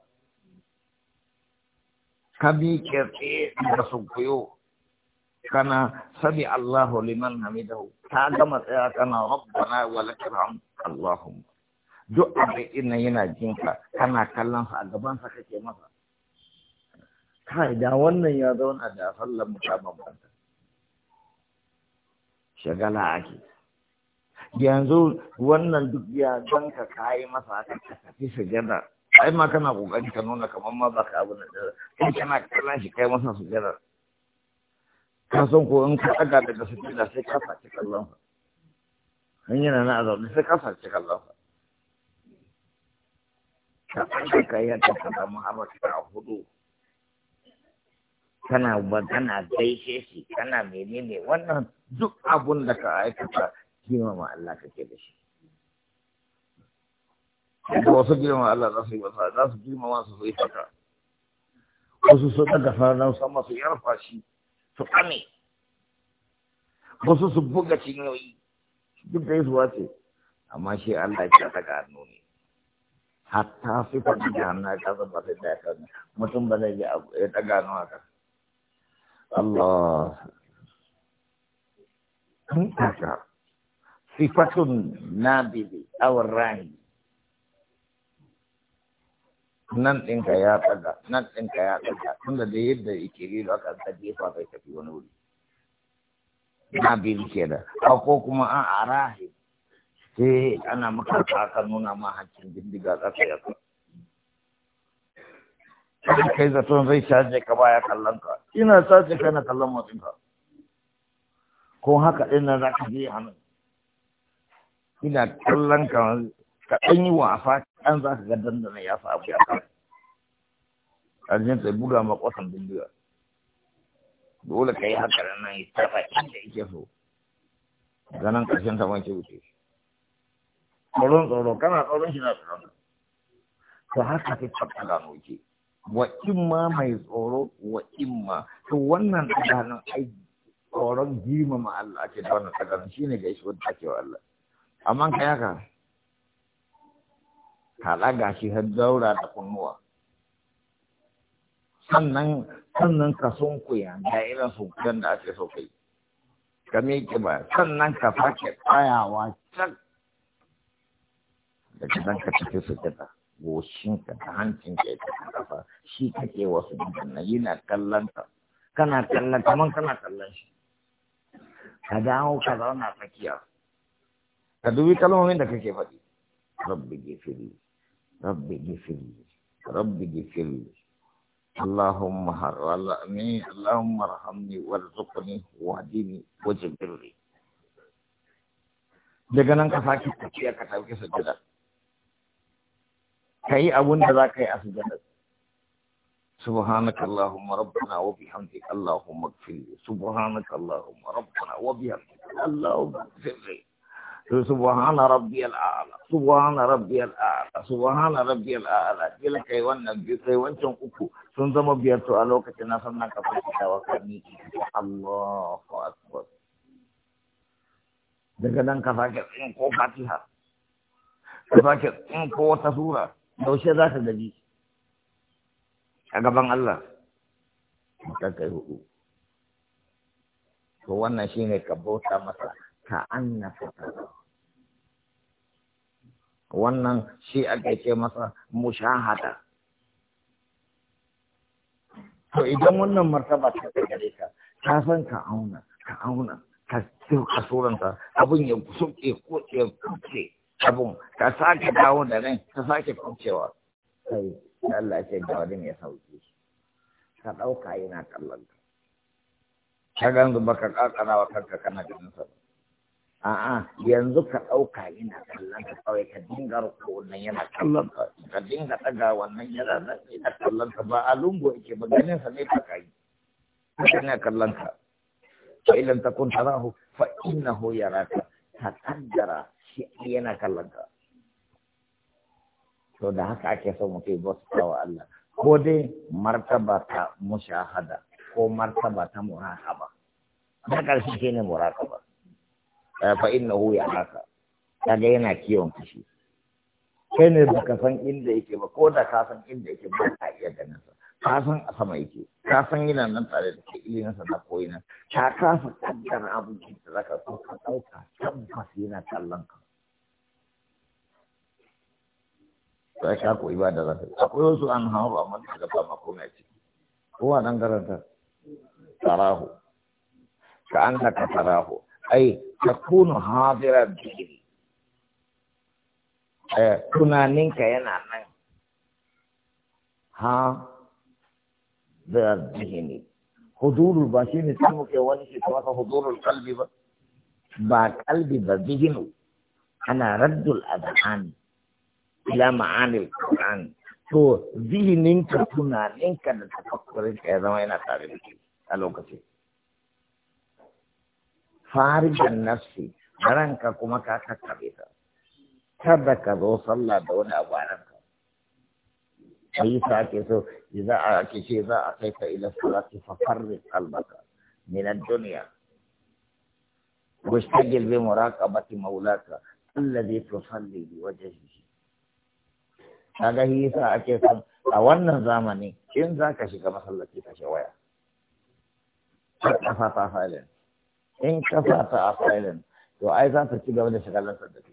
ka bi kirtse da sunkuyo kana sami Allahu liman hamidahu ta gama tsaya kana rabbana wa lakal Allahumma duk abin ina yana jinka kana kallon sa a gaban sa kake masa kai da wannan ya zauna da sallar mutabban shagala ake yanzu wannan duk ya ka kayi masa aka tafi sujada ai ma kana kokari ka nuna kamar ma baka abu na da in kana kallon shi kai masa sujada ka san ko in ka daga daga sujada sai ka sace kallon sa in yana na azabi sai ka sace kallon sa ka san ka yi ya ta kama har ta hudu kana kana gaishe shi kana menene wannan duk abun da ka aikata girmama Allah kake da shi da wasu girmama Allah za su yi wasa za su girmama su sai haka wasu su daga faran sama su yarfa shi su kame wasu su buga cinyoyi duk da yasuwa ce amma shi Allah ya daga hannu ne hatta sifar ji hannu ya kasa ba sai da ya mutum ba zai ya daga hannu haka Allah haka sifatun nabidi awar rahi nan ɗinka ya tsaga nan ɗinka ya tsaga tunda da yadda yake rilo aka ka jefa kai tafi wani wuri nabidi ke da ko kuma an arahi sai ana maka ka nuna ma hancin bindiga tsaka ya tsaga kada kai zaton zai caje ka baya kallon ka ina sace na kallon motsin ka ko haka din nan zaka je hannu ina kallon ka ka dan yi wafa dan zaka ga dandana ya samu ya ka arjin sai buga ma kwatan bindiga dole kai haka nan ya tafa inda yake so ganan karshen ta wanke wuce tsoron tsoro kana tsoron shi na tsoron to haka fi fata gano ke wa imma mai tsoro wa imma to wannan tsakanin ai tsoron girmama Allah ake da wannan tsakanin shine ga shi wanda ake wa Allah amma ka haka kala ga shi har daura da kunnuwa sannan sannan ka kuya ga irin sunkuyan da ake so kai ka miƙe ba sannan ka fake tsayawa can da ka ka su sujada ka ta hancinka ya ta kafa shi kake wasu na yana kallon ka kana kallon kaman kana kallon shi ka dawo ka zauna tsakiya ka dubi kalmomin da kake faɗi rabbi gifiri rabbi gifiri rabbi gifiri اللهم هرمني اللهم ارحمني وارزقني واهدني وجبرني daga nan ka sake tafiya ka sauke sujjada kayi abun da za ka yi a sujada سبحانك اللهم ربنا وبحمدك اللهم اغفر لي سبحانك اللهم ربنا وبحمدك اللهم اغفر لي سبحان ربي الاعلى سبحان ربي الاعلى سبحان ربي الاعلى kila kai wannan biyu kai wancan uku sun zama biyar to a lokacin na san ka fita wa kani Allahu akbar daga nan ka sake tsin ko fatiha ka sake tsin ko sura yaushe za ka gaji a gaban Allah mutan kai hudu to wannan ne ka bauta masa ka annaka wannan shi ake ce masa mushahada to idan wannan martaba ta gare ka ta san ka auna ka auna ka ka suranta abin ya soke ko ya kuce abun ka sake dawo da rai ka sake kwancewa kai Allah ce da wani sauke sauki ka ɗauka yana kallon ka ka ganzu baka kakana wa kanka kana ganin sa a'a yanzu ka ɗauka yana kallon ka kawai ka dinga ruku wannan yana kallon ka ka dinga ɗaga wannan yana nan yana kallon ka ba a lungu yake ba ganin sa ne ka kai yana kallon ka fa ilan takun tarahu fa innahu yaraka ka kaddara shi yana kallon ka to da haka ake so mutum bauta wa Allah ko dai martaba ta mushahada ko martaba ta muraqaba da karshe ne muraqaba eh, fa innahu ya haka kaga yana kiwon kashi kai ne baka san inda yake ba ko da ka san inda yake ba ka iya ganin sa ka san a sama yake ka san yana nan tare da kai ilimin sa da koyi nan ka kasa kaddara abin da zaka so ka dauka tabbas yana kallon ka ta sha ko ibada da ta yi akwai wasu an hawa ba mun daga ba ma ce. ciki kowa nan garanta tarahu ka annaka tarahu ai takunu hadira dhikri eh tunaninka yana nan ha da dhikri hudurul ba shi ne samu ke wani shi kuma ka hudurul kalbi ba ba kalbi ba dhikru ana raddul adhan ila ma'anil Qur'an to zihininka tunaninka da tafakkurinka ya zama yana tare da ke a lokacin farijan nafsi ranka kuma ka kakkabe ta kada ka zo sallah da wani abu a ranka yi sa ake so za a ake ce za a kai ka ila salati fa farri qalbaka min duniya dunya washtagil bi muraqabati maulaka alladhi tusalli bi wajhihi kaga yasa ake san a wannan zamani in za ka shiga masallaci ka shi waya kafa ta filin in kafa ta filin to ai za ta ci gaba da shiga da ke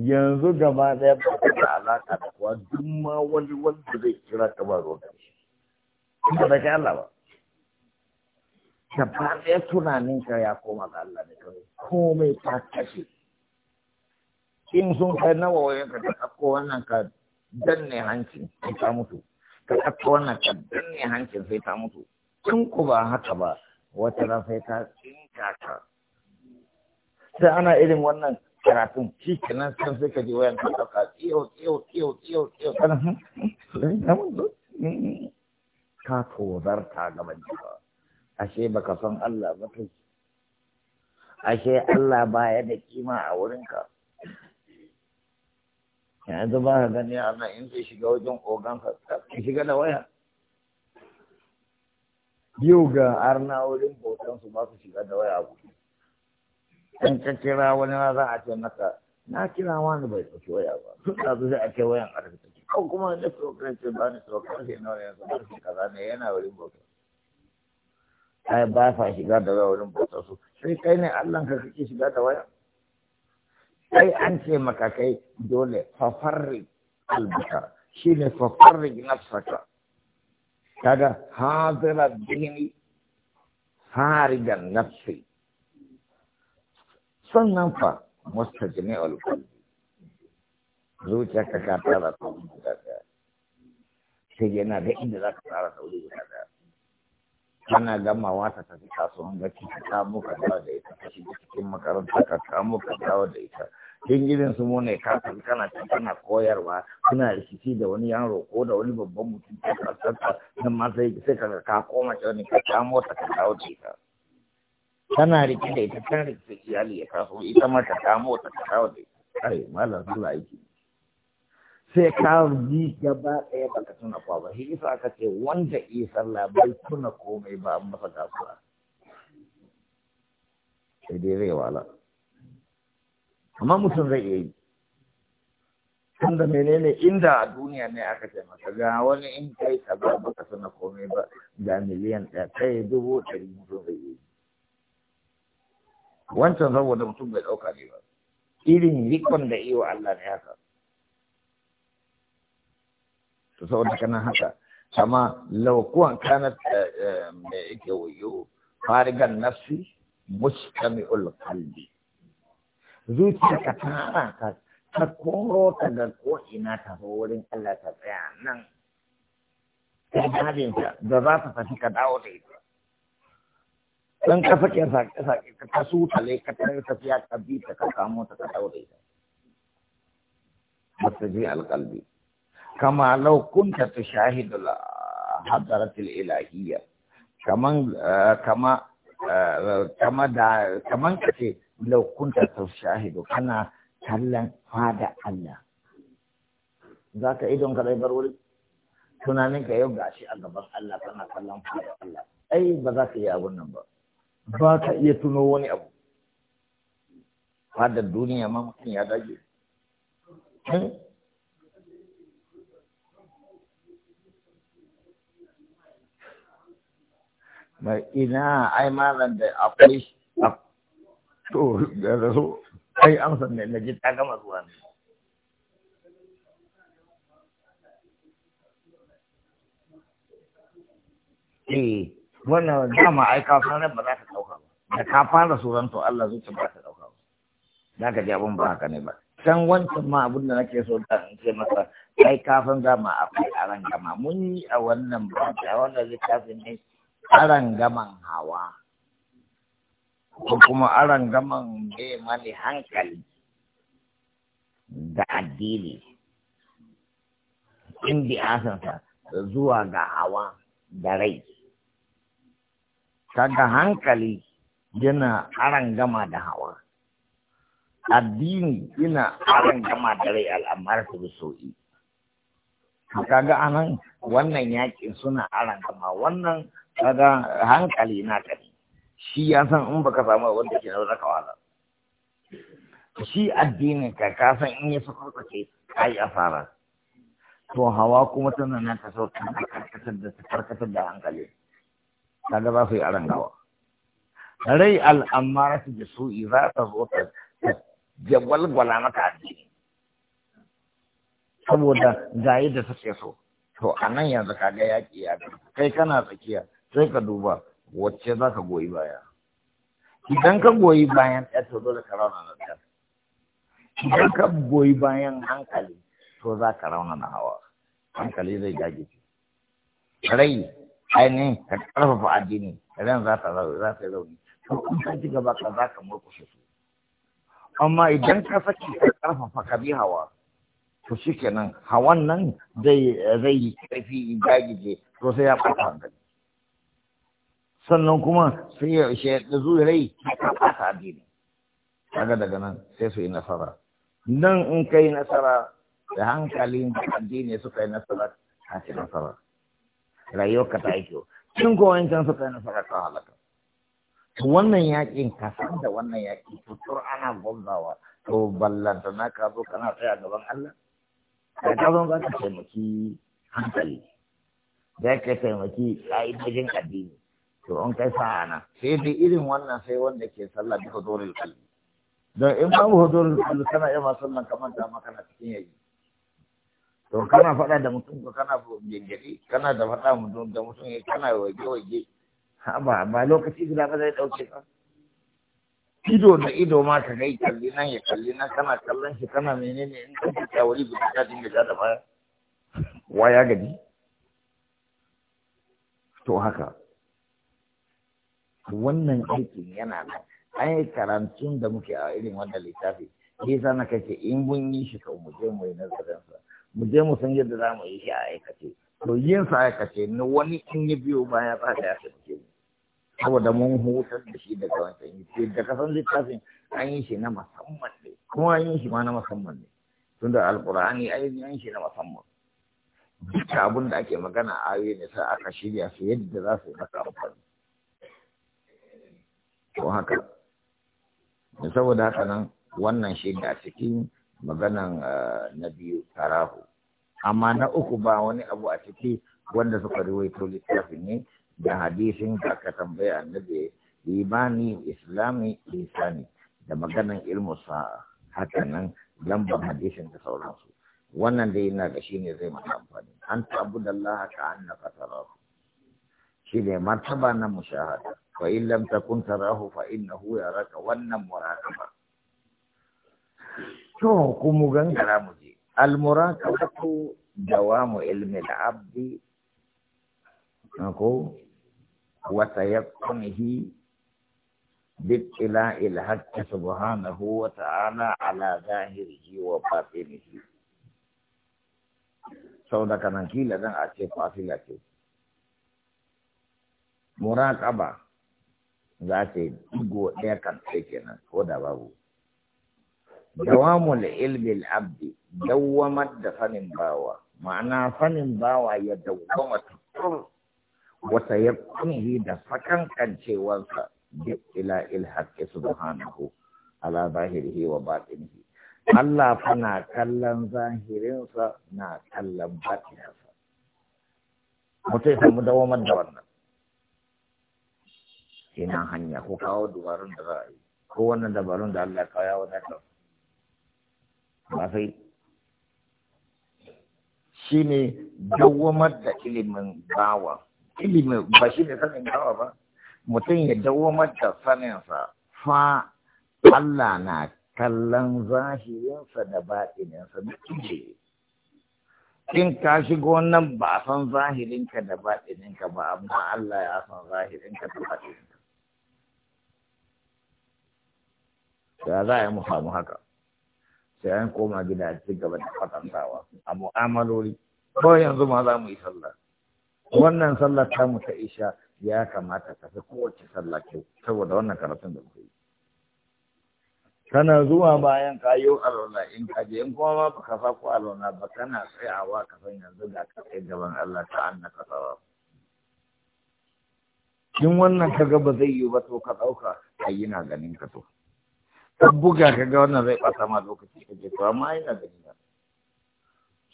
yanzu gaba ɗaya ba ta da alaƙa da kuwa duk ma wani wanda zai kira ka ba ruwan kashi ba da Allah ba ba ɗaya tunanin ka ya koma ga Allah ne kawai komai ta kashe in sun kai nawa wayan ka ɗauko wannan ka danne hanci sai ta mutu ka ɗauko wannan ka danne hancin sai ta mutu tun ku ba haka ba wata ran sai ta tsinka ta sai ana irin wannan karatun shi kenan san sai ka je wayan ka ɗauka tsiyo tsiyo tsiyo tsiyo tsiyo kana hmm, hmm, hmm, ka tozarta gaban jama'a ashe baka san Allah ba kai ashe Allah baya da kima a wurinka yanzu ba ka gani a nan in zai shiga wajen ogansa ka shiga da waya yau ga arna wurin bautan su ba su shiga da waya ku in ka kira wani na za a ce maka na kira wani bai ɗauki waya ba tun da sai a ce wayan arka take ko kuma na tsokan ce ba ni tsokan ce na wani yanzu kaza ne yana wurin bautan ai ba sa shiga da waya wurin bautan su, sai kai ne allah ka kake shiga da waya kai an ce maka kai dole fafarri albuka shi ne fafarri saka kaga hazira dini harigan nafsi sannan fa jini alqalbi zuciya ka tara ta wuce guda ta sai yana da inda za ka tara ta wuce guda ta kana gamawa ta fi kasuwan gaci ka kamo ka dawo da ita ka shiga cikin makaranta ka kamo ka dawo da ita don su mu ne kafin kana can kana koyarwa suna rikici da wani yaro ko da wani babban mutum ta karkata nan ma sai sai ka ka koma ta wani ka ta mota ka dawo ce ka tana rikici da ita tana rikici iyali ya kaso ita ma ta ta mota ka dawo ce kai malam sula aiki sai ka ji gaba ɗaya baka tuna kwa ba shi isa aka ce wanda yi sallah bai tuna komai ba masa kasuwa sai dai zai wala amma mutum zai iya yi tunda menene inda a duniya ne aka ce masa ga wani in kai ka ba baka sana komai ba ga miliyan ɗaya kai dubu ɗari mutum zai iya yi wancan saboda mutum bai ɗauka ne ba irin rikon da iya Allah ne haka to saboda kana haka kama laukuwan kana mai yake wayo farigan nafsi mustami'ul qalbi zuciya ka tara ka ta koro ta ga ko'ina ta zo wurin Allah ta tsaya nan ta ta da za ta tafi ka dawo da ita don ka sake sake ka ta su tale ka ta tafiya ka bi ta ka samu ta ka dawo da ita masaji alƙalbi kama lau kunta tushahidu hadratil ilahiyya kaman eh, kama eh, kama da kaman kace lau kunta shahidu kana kallon fada Allah za ka idon ka zai bar wuri tunanin ka yau gashi a gaban Allah kana kallon fada Allah ai ba za ka yi abun nan ba ba ka iya tuno wani abu fadar duniya ina da akwai to da so ai amsa ne na ji ta gama zuwa ne eh wannan dama ai ka fara ba za ka dauka ba da ka fara suran to Allah zai ba ta dauka ba za ka ji abin ba haka ne ba san wancan ma abin da nake so da in ce masa ai kafin a akwai aran gama mun yi a wannan ba a wannan littafin ne aran gaman hawa ko kuma aran gaman bai mani hankali da addini indi asansa zuwa ga hawa da rai kaga hankali yana aran gama da hawa addini yana aran gama da rai al'amar su so'i kaga anan wannan yakin suna aran gama wannan kaga hankali na kani shi ya san in baka samu abin da ke da zaka wahala shi addinin ka ka san in ya saka ce kai asara to hawa kuma tana nan ta so karkatar da karkatar da hankali kaga za su yi arangawa rai al'amara su da su'i za ta zo ta jagwalgwala maka addini saboda ga yadda suke so to a nan yanzu kaga yaƙi ya kai kana tsakiya sai ka duba wacce za ka goyi baya idan ka goyi bayan ɗaya to dole ka rauna na ɗaya idan ka goyi bayan hankali to za ka rauna na hawa hankali zai gajice rai ainihin ka ƙarfafa addini ran za ta rauni to in ka ji gaba ka za ka murƙushe su amma idan ka saki ka ƙarfafa ka bi hawa to shikenan hawan nan zai yi ƙarfi gagije to sai ya ɓata hankali sannan kuma sai ya shaɗa zurai a kasa addini daga nan sai su yi nasara nan in ka yi nasara da hankalin da addini suka yi nasara ka ci nasara rayuwarka ta yi kyau cin ko suka yi nasara ka halaka to wannan yaƙin ka da wannan yaƙi tur ana gwamzawa to ballanta na ka zo kana tsaya gaban Allah da ka zo za ka taimaki hankali da ka taimaki ƙa'idojin addini to an kai sa'a na sai dai irin wannan sai wanda ke sallah bi hudurul qalbi don in babu hudurul qalbi kana iya sallan kamar da ma kana cikin yayi to kana faɗa da mutum ko kana gengeri kana da faɗa mutum da mutum ya kana waje waje ba ba lokaci guda ba zai dauke ka ido da ido ma ka gai kalli nan ya kalli nan kana kallon shi kana menene in ka fita wuri guda ka dinga ja da baya waya gadi to haka wannan aikin yana nan an yi karantun da muke a irin wannan littafi shi sa na kace in mun yi shi kawai mu je mu yi nazarin sa mu je mu san yadda za mu yi shi a aikace to yin sa aikace na wani in ya biyo baya za ka ya tafi saboda mun hutar da shi daga wancan yi da kasan littafin an yi shi na musamman ne kuma an yi shi ma na musamman ne tunda alkur'ani an yi shi na musamman duk abin da ake magana a ne sai aka shirya su yadda za su yi maka amfani ko haka saboda haka nan wannan shi a cikin maganan eh, na biyu tarahu amma na uku ba wani abu a ciki wanda suka riwaito littafin ne da hadisin da aka tambaya annabi imani islami isani da maganan ilmu sa haka nan lambar hadisin da sauransu wannan dai yana da shi ne zai mata amfani an abu da Allah ka na tarahu shi ne martaba na mushahada fa in lam takun tarahu fa innahu yaraka wannan muraqaba to kuma gangara mu je al ku dawamu ilmi al abdi ko wa tayakkunihi بابتلاء الحق سبحانه وتعالى على ظاهره وباطنه sau da kanan kila zan a ce fasila ce muraƙaba za ta yi digo ɗaya kan ɗaya kenan ko da babu dawamul ilmi abdi dawwamar da sanin bawa ma'ana sanin bawa ya dawwama tukur wata ya kunhi da sakankancewarsa duk ila su subhanahu ala zahirihi wa batinihi Allah fa na kallon zahirinsa na kallon batinsa mutai ya samu dawamar da wannan kenan hanya ko kawo dubarun da za a yi ko wannan dabarun da Allah kawo ya wadatar ba sai shi ne dawamar da ilimin bawa ilimin ba shi ne sanin bawa ba mutum ya dawamar da saninsa fa Allah na kallon zahirinsa da baɗininsa da kuje in ka shigo nan ba san zahirinka da baɗininka ba amma Allah ya san zahirinka da baɗininka da za a yi mu haka sai an koma gida a ci gaba da kwatantawa a mu'amalori ko yanzu ma za mu yi sallah wannan sallah ta mu ta isha ya kamata ka fi kowace sallah kyau saboda wannan karatun da muke yi kana zuwa bayan ka yi alona in ka je in kuma ma ba ka ko alona ba kana tsayawa ka san yanzu da ka tsaye gaban Allah ta annaka sawa in wannan ga ba zai yi ba to ka dauka ayyina ganin ka to ka buga ka ga wannan zai ɓata ma lokaci ka je to amma yana da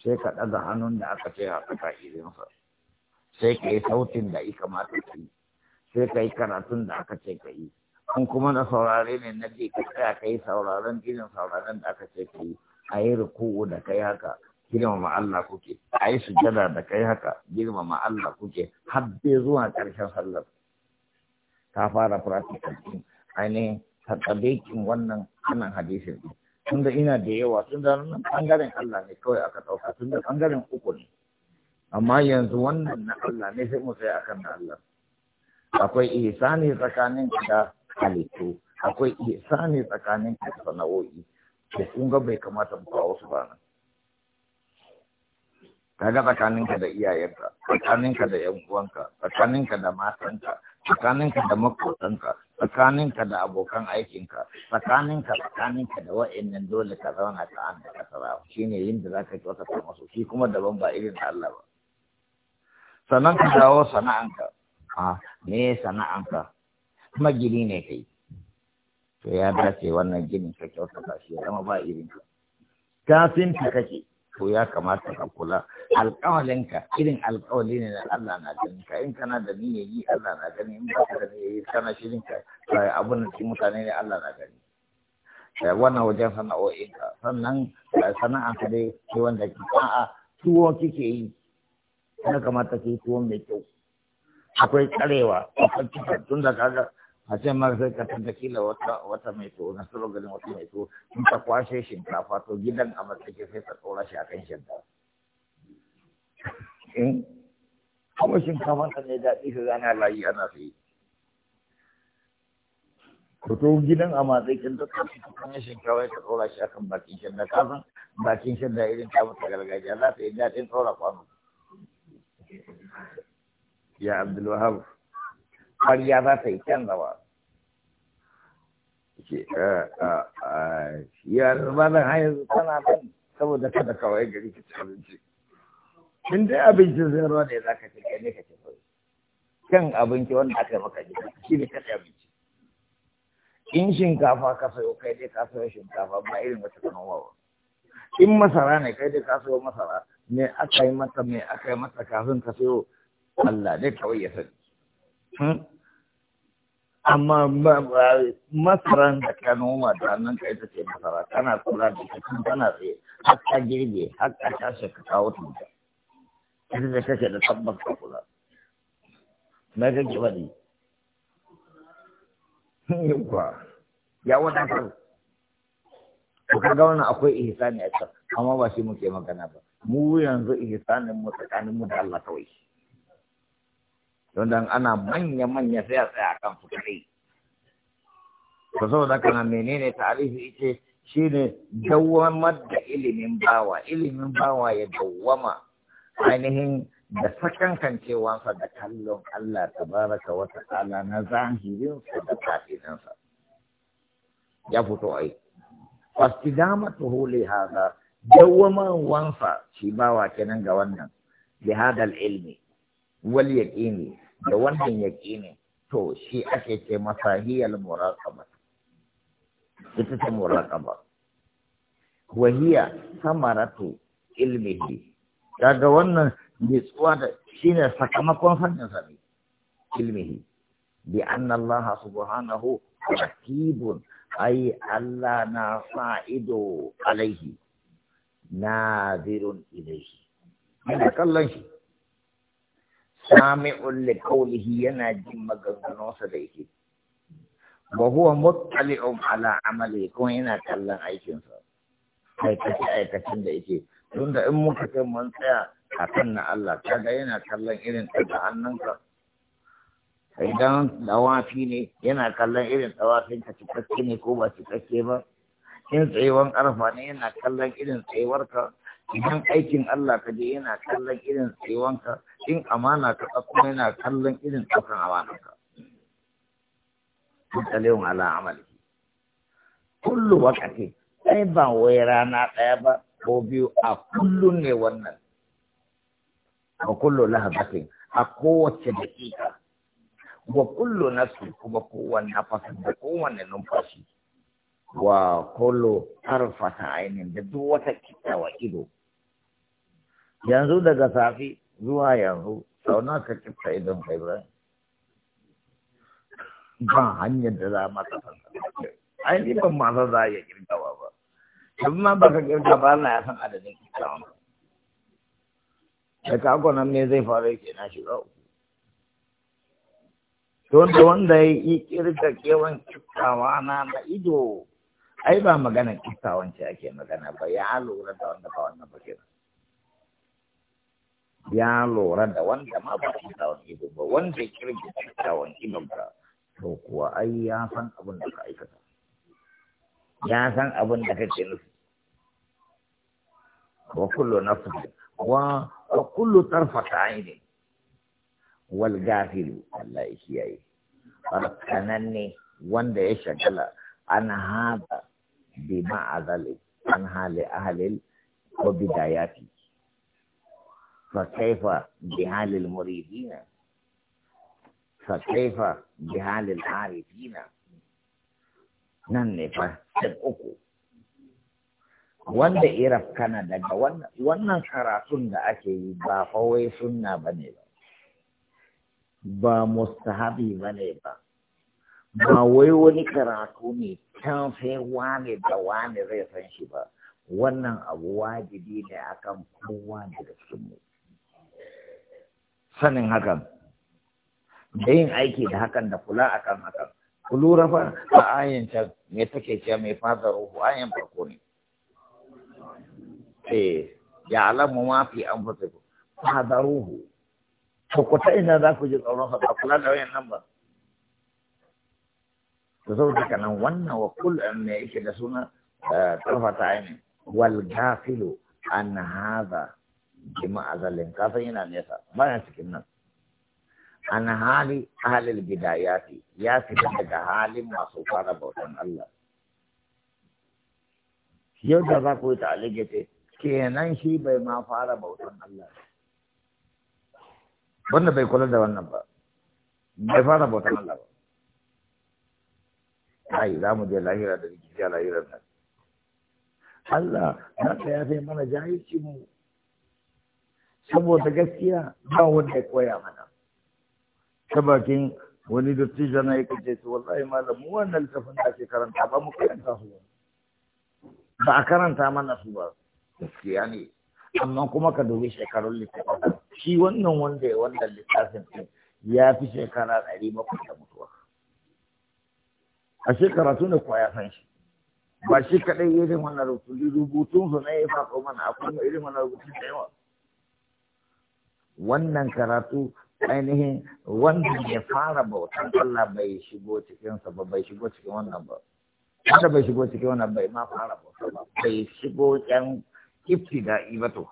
sai ka ɗaga hannun da aka ce a tsaka irinsa sai ka yi sautin da ya kamata ka yi sai ka yi karatun da aka ce ka yi in kuma na saurare ne na ji ka tsaya ka yi sauraren irin sauraren da aka ce ka yi a yi ruku'u da kai haka girmama Allah kuke a yi sujada da kai haka girmama Allah kuke har zuwa ƙarshen sallar ka fara practical din ainihin tattabekin wannan wannan hadisin tunda ina da yawa da nan bangaren Allah ne kawai aka ɗauka da bangaren uku ne amma yanzu wannan na Allah ne sai mu sai akan na Allah akwai ihsani tsakanin da halittu akwai ihsani tsakanin da sana'o'i to kun ga bai kamata mu kawo su ba nan Ka ga tsakaninka da iyayenka tsakaninka da yan uwanka tsakaninka da matanka tsakaninka da makotanka tsakaninka da abokan aikinka tsakaninka tsakaninka da wa'annan dole ka zauna ka an da kasara shine yin da zaka kyautata masu shi kuma daban ba irin da Allah ba sannan ka dawo sana'anka a me sana'anka kuma gini ne kai to ya dace wannan ginin ka kyautata shi ya zama ba irin ka kafin ta kake to ya kamata ka kula alƙawalinka irin alƙawali ne na Allah na gani, ka in kana da niyyar yi Allah na gani in ba ka da niyyar yi kana shirin ka abun da mutane ne Allah na gani wannan wajen sana'o'in ka sannan sana'an ka dai ke wanda ke a'a tuwo kike yi na kamata ke tuwo mai kyau akwai karewa tun da kaga a ce ma sai ka tanta kila wata wata mai tuwo na sulogalin wata mai tuwo in ta kwashe shinkafa to gidan a matsayin sai ta tsora shi a kan shinkafa Eh? kuma shinkafanta ne daɗi ka gana layi ana sai ku to gidan a matsayin da ka fito kan shinkafa ka tsora shi akan bakin shan ka san bakin shadda irin ta mata gargajiya za ta yi daɗin tsora kwano ya abdulwahab ƙwarya za ta yi can gaba ya malam hanyar tana nan saboda kada kawai gari ka ci abinci in dai abincin zai ruwa ne za ka ce kai ne ka ce kawai kan abinci wanda aka yi maka gida shi ne kaɗai abinci in shinkafa ka sayo kai dai ka sayo shinkafa ba irin wata ka noma in masara ne kai dai ka sayo masara me aka yi mata me aka yi mata kafin ka sayo Allah dai kawai ya sani hmm? amma masaran da ka noma da nan ka ta ce masara kana kula da ita kana tsaye har ka girbe har ka tashi ka kawo tunta yanzu da kake da tabbas ka kula na kake faɗi yawa ya wadatar to kaga wannan akwai ihsani a can amma ba shi muke magana ba mu yanzu ihsanin mu tsakanin mu da Allah kawai don ana manya manya sai a tsaya a kan su kai to saboda kana menene tarihi ita shine dawwamar da ilimin bawa ilimin bawa ya dawwama ainihin da sakankancewansa da kallon Allah ta baraka wata ta'ala na zahirinsa da kafinansa ya fito ai ta hule hadha dawaman wansa shi bawa kenan ga wannan li hadal ilmi wal ne da wannan ne to shi ake ce masa hiyal muraqaba ita ce muraƙaba. wa samaratu ilmihi Daga wannan nitsuwa da shine sakamakon sanin sa ne ilmihi bi anna Allah subhanahu rakibun ai Allah na sa ido alaihi nadirun ilaihi yana kallon shi sami'un li qawlihi yana jin maganganunsa da yake wa huwa muttali'un ala kuma yana kallon aikinsa aikace aikacin da yake tun da in muka ce mun tsaya a kan na Allah kaga yana kallon irin ɗaga hannunka idan dawafi ne yana kallon irin dawafin ka cikakke ne ko ba cikakke ba in tsayuwan ƙarfa ne yana kallon irin tsayuwarka idan aikin Allah ka je yana kallon irin tsayuwanka in amana ka kuma yana kallon irin ɗaukan amanarka. Mutalewun ala amali. Kullu wakati Sai ba wai rana ɗaya ba ko biyu a kullum ne wannan a kullum lahabatin a kowace daƙiƙa wa kullu nafsi kuma kowanne nafasin da kowane numfashi wa kullu harfata ainin da duk wata kitawa ido yanzu daga safi zuwa yanzu sau na ka kifta idon kai ba ba hanyar da za a san fasa. Ainihin ban masa za a ya girgawa ba amma ma ka kirka ba na ya san adadin kyakkyawan da ka nan me zai faru ke na shiga uku to da wanda ya yi kirka kewan kyakkyawa na na ido ai ba magana kyakkyawan ce ake magana ba ya lura da wanda ba wannan ba kenan ya lura da wanda ma ba kyakkyawan ido ba wanda ya kirka kyakkyawan ido ba to kuwa ai ya san abin da ka aikata ya san abin da kake nufi وكل نفس وكل طرفة عين والغافل الله يشيعي فرقناني وان ده يشغل أنا هذا بما ذلك أنا لأهل وبداياتي وبدايات فكيف بحال المريدين فكيف بحال العارفين نن فاستبقوا wanda iraf kana daga wannan karatun da ake yi ba fawai sunna ba ne ba ba mustahabi ba ne ba ba wai wani karatu ne can sai wane da wane zai san shi ba wannan abu wajibi ne akan kowa daga cikinmu sanin hakan da yin aiki da hakan da kula akan hakan ku lura fa a ayin can me take ce mai fadar ruhu ayin farko ne إيه، يعلم ما في أنفسكم فحذروه فقلت إن ذاك وجد الله فقال له يا نبا فزودك أنا وانا وكل أن إيش لسونا آه، طرفة عين والغافل أن هذا جماعة ذلك كافرين أن يسا ما يسكننا أن هالي أهل البدايات ياتي لك هالي ما سوف الله يوجد ذاك وتعليقته kenan shi bai ma fara bautan Allah wanda bai kula da wannan ba bai fara bautan Allah ba ai za mu je lahira da rikici a lahirar nan Allah na ta yafe mana jahilci mu saboda gaskiya ba wanda ya koya mana ta bakin wani dattijo na yake ce wallahi malam wannan littafin da ake karanta ba mu karanta su ba a karanta mana su ba gaskiya ne amma kuma ka dubi shekarun littafin shi wannan wanda ya wanda littafin ɗin ya fi shekara ɗari bakwai da mutuwa a shekaratu ne kuwa ya san shi ba shi kaɗai irin wannan rubutu rubutun su na ya faɗo mana kuma irin wannan rubutun da yawa wannan karatu ainihin wanda ya fara bautan Allah bai shigo sa ba bai shigo cikin wannan ba wanda bai shigo cikin wannan bai ma fara bautan ba bai shigo yan ibtida'i ba to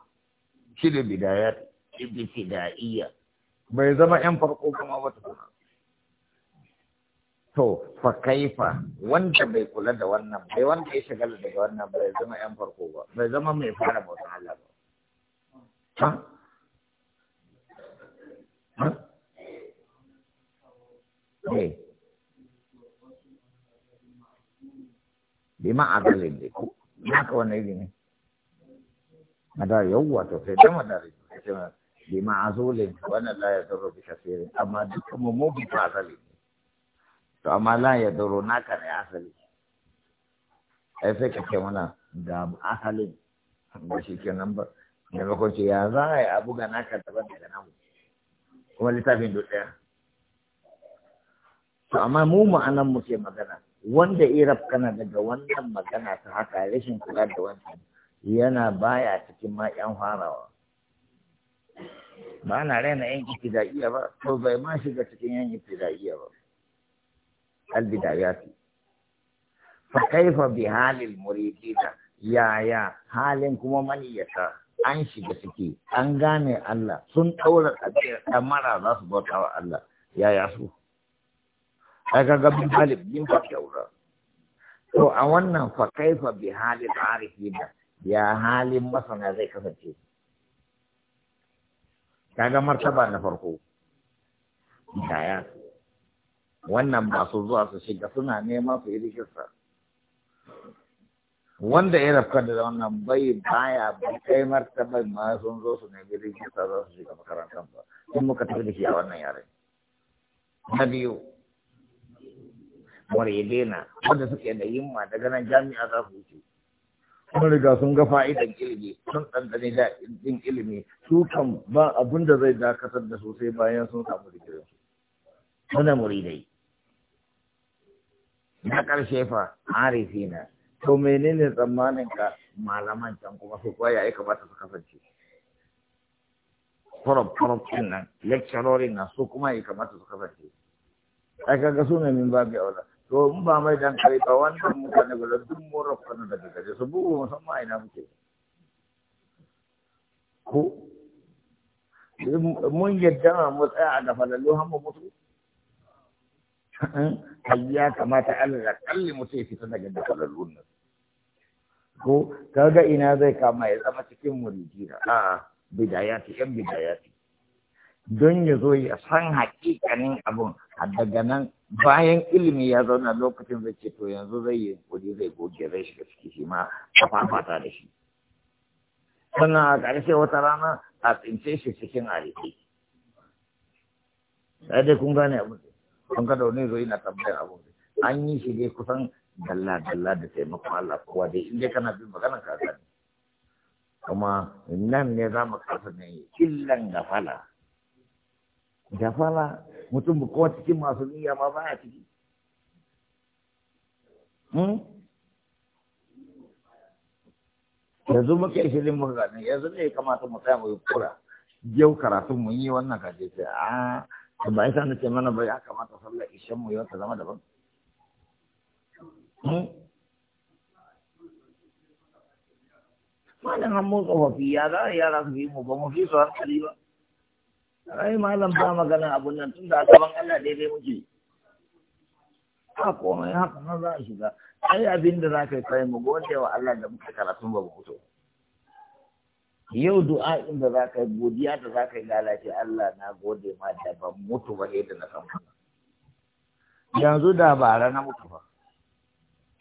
shi da bidayat ibtida'iyya bai zama yan farko kuma ba to to fa kaifa wanda bai kula da wannan bai wanda ya shagala daga wannan bai zama yan farko ba bai zama mai fara bautan Allah ba ha ha eh da adalin ko ka wannan ne ada yawwa to sai da madari bi ma'azulin wannan la ya zuru bi kasiri amma dukkan mu mu bi asali to amma la ya zuru na kare asali ai sai ka ce mana da asalin ba shi nan ba maimakon ce ya za a yi abu ga naka daban daga namu kuma littafin duk ɗaya to amma mu ma'anan mu ke magana wanda irab kana daga wannan magana ta haka rashin kula da wannan yana baya cikin ma yan farawa ba na raina yan ibtida'iyya ba ko bai ma shiga cikin yan ibtida'iyya ba albidayati fa kaifa bi halil muridina ya ya halin kuma maniyata an shiga ciki an gane Allah sun daura tsabiyar mara za su bauta wa Allah ya ya su ai kaga bin to a wannan fa kaifa bi halil arifina ya halin masana zai kasance kaga martaba na farko hidaya wannan ba su zuwa su shiga suna neman su yi rikista wanda ya rafka da wannan bai baya bai kai martaba ma sun zo su nemi rikista za su shiga makarantar ba sun muka tafi da shi a wannan yare na biyu muridina wanda suke da himma daga nan jami'a za su wuce sun riga sun ga fa'idan ilimi sun ɗanɗane da ɗin ilimi su kan ba abin da zai dakatar da sosai bayan sun samu digirin su suna muridai na ƙarshe fa arifi na to menene tsammanin ka malaman can kuma su kuwa ya kamata su kasance kwarab kwarab ɗin nan lecturorin na su kuma ya kamata su kasance ai kaga su ne min babu aula to mun ba mai dan kare ba wannan mutane ba duk mun rafa daga gare su bugu musamman a ina muke ko mun yadda mu tsaya a gafalallu har mu mutu ai kamata Allah kalli mu sai fita daga gafalallun nan ko kaga ina zai kama ya zama cikin muridi a bidayati yan bidayati don ya zo ya san haƙiƙanin abun a daga nan bayan ilimi ya zauna lokacin zai ce to yanzu zai yi kudi zai goge zai shiga ciki shi ma fafata da shi sannan a ƙarshe wata rana a tsince shi cikin arziki sai dai kun gane abin kun kada wani zo yana tambayar abin an yi shi dai kusan dalla dalla da taimakon Allah kowa dai in dai kana bin maganar ka gani kuma nan ne za mu kasa ne illan gafala gafala mutum ko cikin masu niyya ma ba a ciki hmm? yanzu muka ishirin muka gani yanzu ne kamata mu tsaya mu kura yau karatu mu yi wannan kaje sai a to ba isa ce mana ba ya kamata sallar ishan mu yau ta zama daban hmm? malam an mun tsofaffi ya za a yara su yi mu ba mu fi su hankali ba ai malam ba magana abun nan tun da gaban Allah daidai muke ba komai haka nan za a shiga ai abin da za ka kai mu gode wa Allah da muka karatu ba mu fito yau du'a inda za ka yi godiya da za ka yi lalace Allah na gode ma da ban mutu ba yadda na san yanzu da bara na mutu ba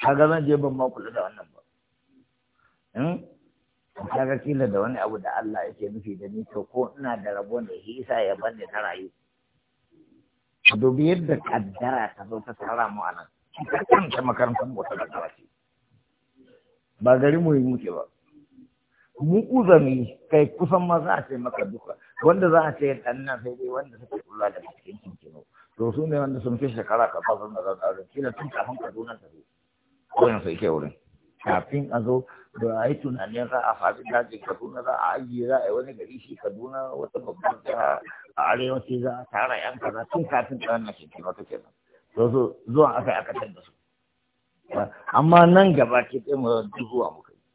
kaga zan je ban ma kula da wannan ba hmm? kaga kila da wani abu da Allah yake nufi da ni to ko ina da rabo da shi isa ya bani ta rayu dubi yadda kaddara ta zo ta tsara mu a nan ta makarantar mu ta kaddara ce ba gari mu yi muke ba mu uzami kai kusan ma za a ce maka duka wanda za a ce dan nan sai dai wanda suke kula da cikin kinkino to su ne wanda sun fi shekara ka fasan da zan aure kila tun kafin kaduna ta zo ko yanzu ke wurin kafin a zo da a yi tunanin za a faɗi dajin kaduna za a ajiye za a yi wani gari shi kaduna wata babban jiha a ce za a tara yan kaza tun kafin da wannan shekara wata kenan to so zuwa aka yi akatar da su amma nan gaba ke ɗaya mu zuwa muka yi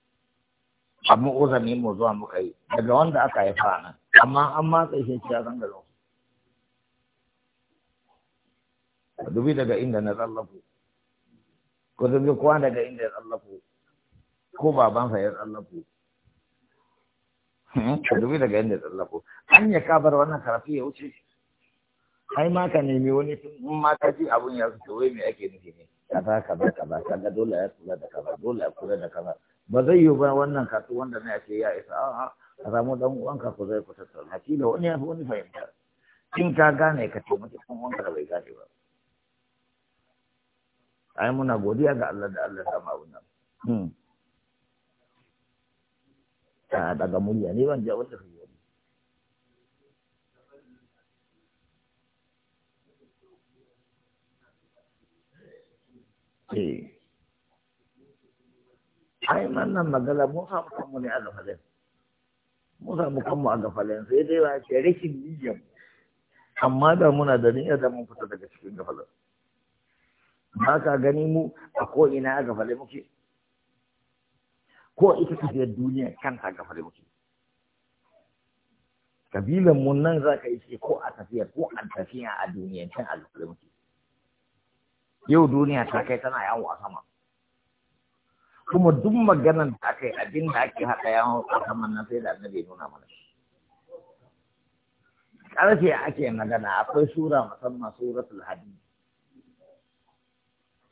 amma ne mu zuwa muka yi daga wanda aka yi fa nan amma an matsa shi ciya zan garo dubi daga inda na tsallafu ko dubi kowa daga inda ya tsallafu ko babansa ya tsallako hmm, ka dubi daga yadda tsallako an ya kabar wannan karafi ya wuce ai ma ka nemi wani tun ma ka ji abun ya zuke wai me ake nufi ne ka ba ka ga dole ya kula da kaza dole ya kula da kaza ba zai yi ba wannan kasu wanda na ce ya isa A a samu dan ka ku zai ku tattauna Hakila wani ya fi wani fahimta in ka gane ka ce mutum kan wanka bai gane ba ai muna godiya ga Allah da Allah ya samu abun nan hmm. ta daga murya ne ban ja wanda kai wani eh ai wannan magana mun samu kanmu ne a gafalin mun samu kanmu a gafalin sai dai ba ce rikin niyyar amma da muna da niyyar da mun fita daga cikin gafalin ba ka gani mu a ko ina a gafalin muke ko ita biyar duniya kan ta gafar muke kabilan mu nan za ka ishe ko a tafiya ko an tafiya a duniya kan a gafar muke yau duniya ta kai tana yawo a sama kuma duk maganan ta kai abin da ake haɗa yawo a sama nan sai da bai nuna mana ƙarfe ake magana akwai sura musamman suratul hadid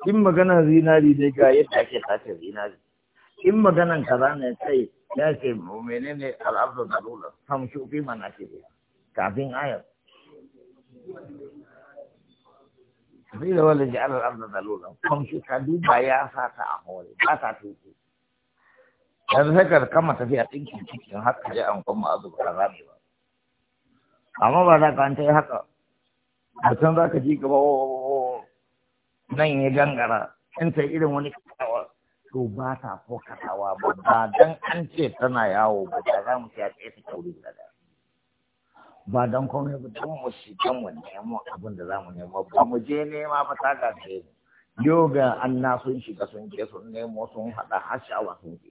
in magana zinari ne ga yadda ake tace zinari in maganan kaza ne sai ya ce mene ne al'abdu da lula sam shufi mana ce kafin ayar sai da wanda ji'ar al'abdu da lula sam shi ka duba ya sa ta a hore ba ta tuki yanzu sai ka kama tafiya ɗinkin cikin haka ji an kuma azu ba kaza ne ba amma ba za ka an ta haka mutum za ka ji gaba oh, oh, oh, nan ya gangara in sai irin wani kawo To ba ta fokatawa ba ba dan an ce tana yawo ba ta za mu ta a ta kauri da ba don kome ba don mu shi don mu nemo abin da za mu nemo ba mu je nema ba ta ga ce yoga an na sun shiga sun je sun nemo sun haɗa har a sun je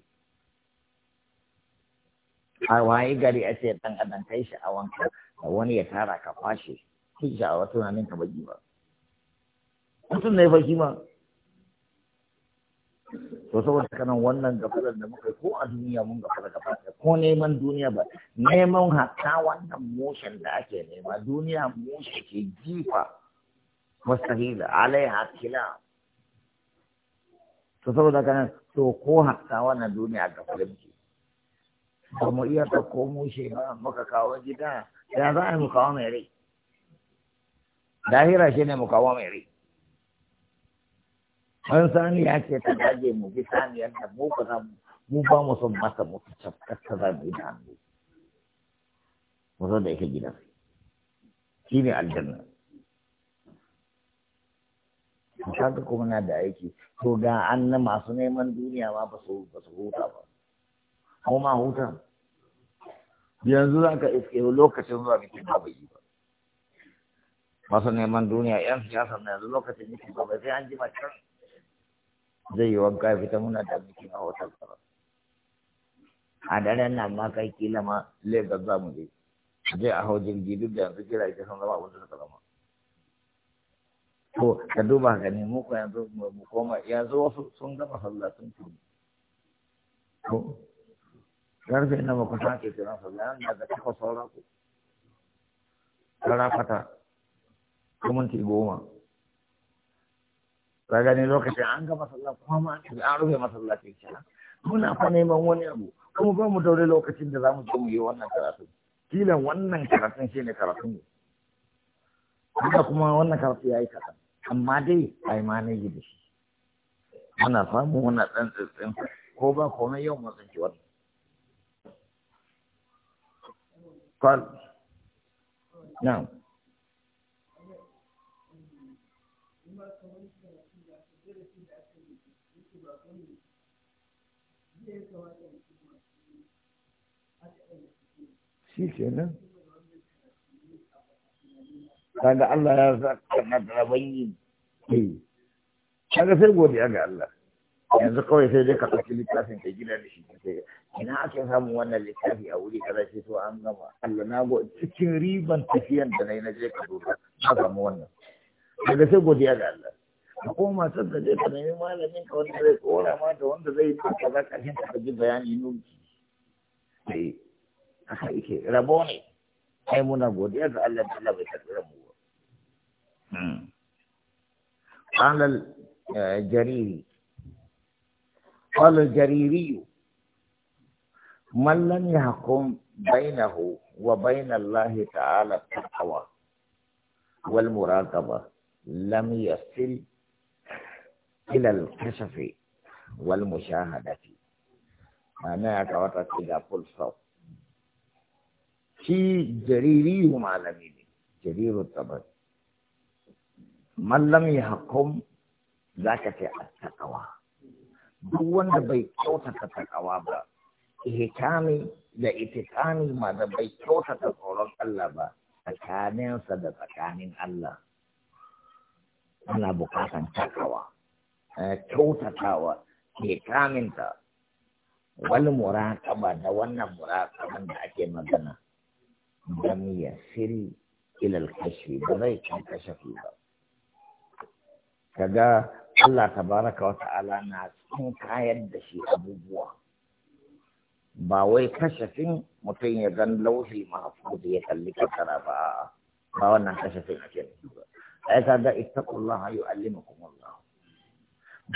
a gari a ce dan adam kai a wanka da wani ya tara ka fashe. kai sha'awa tunanin ka baki ba mutum ne to saboda kanan wannan gafarar da muka ko a duniya mun gafara gaba ko neman duniya ba neman hatta wannan mushen da ake nema duniya mushe ke jifa mustahila alai hakila to saboda kanan to ko hatta wannan duniya gafara muke ba mu iya ta ko mushe ba muka kawo gida ya za a yi mukawa mai rai dahira shi ne mu mai rai an saniya ce ta dage mu bi saniyar da mu ba za mu mu ba mu son masa mutu ta za mu yi da hannu mu zo da yake gidan shi ne aljanna kaga kuma na da aiki to ga an na masu neman duniya ma ba su ba su huta ba ko ma huta yanzu za ka iske lokacin zuwa bikin ba bai yi ba masu neman duniya yan siyasa na yanzu lokacin bikin ba bai sai an ji macen zai yi wanka ya fita muna da miki a hotel ba a daren nan ma kai kila ma Lagos za mu je je a hau jirgi duk da yanzu kira ita sun zama abin da suka zama to ka duba ka ne mu yanzu mu koma yanzu wasu sun gama sallah sun tuni ko karfe na ba ku sake kiran sallah nan da takwas saura ku sarafata kuma goma Ragani ne lokacin an ga masallaci kuma an rufe masallaci kenan muna fa neman wani abu kuma ba mu daure lokacin da za mu je mu yi wannan karatu kila wannan karatun shi ne karatun mu haka kuma wannan karatu ya yi amma dai a yi manaji da shi muna samu muna ɗan tsitsin ko ba na yau mun ci wannan Na'am. shi kenan kaga Allah ya zaka kana da rabin yi eh. sai godiya ga Allah yanzu kawai sai dai ka ɗauki littafin ka gina da shi sai ina ake samun wannan littafi a wuri kada shi to an gama Allah na go cikin riban tafiyan da nayi na je ka dora ka samu wannan kada sai godiya ga Allah ka koma sun da zai ka nemi malamin ka wanda zai tsora ma da wanda zai ta kaza kashin ka ji bayani nuki sai aka yake rabo ne ai muna godiya ga Allah da Allah bai karɓi rabo ba قال الجريري قال الجريري من لم يحكم بينه وبين الله تعالى التقوى والمراقبة لم يصل ilal kasafi wal mushahadati ma'ana ya kawata ce ga full stop shi jariri malami ne jaririn tabar mallam ya hakum za ka ce a takawa duk wanda bai kyautata takawa ba ihkami da itikami ma da bai kyautata tsoron Allah ba tsakaninsa da tsakanin Allah ana buƙatan takawa kyautatawa ke kaminta wani murakaba da wannan murakaban da ake magana don ya siri ilal kashi ba zai kan kashe ba kaga Allah tabaraka wa ta'ala na cikin kayar da shi abubuwa ba wai kashafin mutum ya zan lauhi mahfuz ya kalli kasara ba ba wannan kashafin ake nufi ba ai kaga ittaqullaha yu'allimukum Allah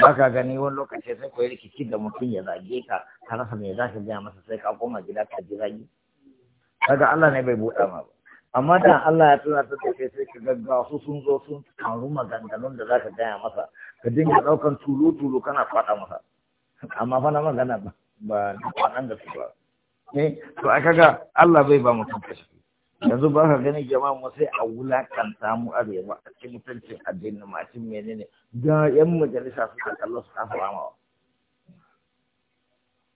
ba ka gani wani lokaci sai koyi rikici da mutum ya zage ka ka rasa mai zaka ka gaya masa sai ka koma gida ka ji zagi kaga Allah ne bai buɗa ma ba amma dan Allah ya tuna ta tafiya sai ka gaggawa su sun zo sun taru maganganun da zaka ka gaya masa ka dinga daukan tulu-tulu kana faɗa masa amma fa na magana ba ba nan da su ba eh to aka ga Allah bai ba mutum kashi yanzu ba ka gani jama'a mu sai a wulakanta mu arewa a cikin mutuncin addinin ma cikin menene da yan majalisa suka kallo su kafa ramawa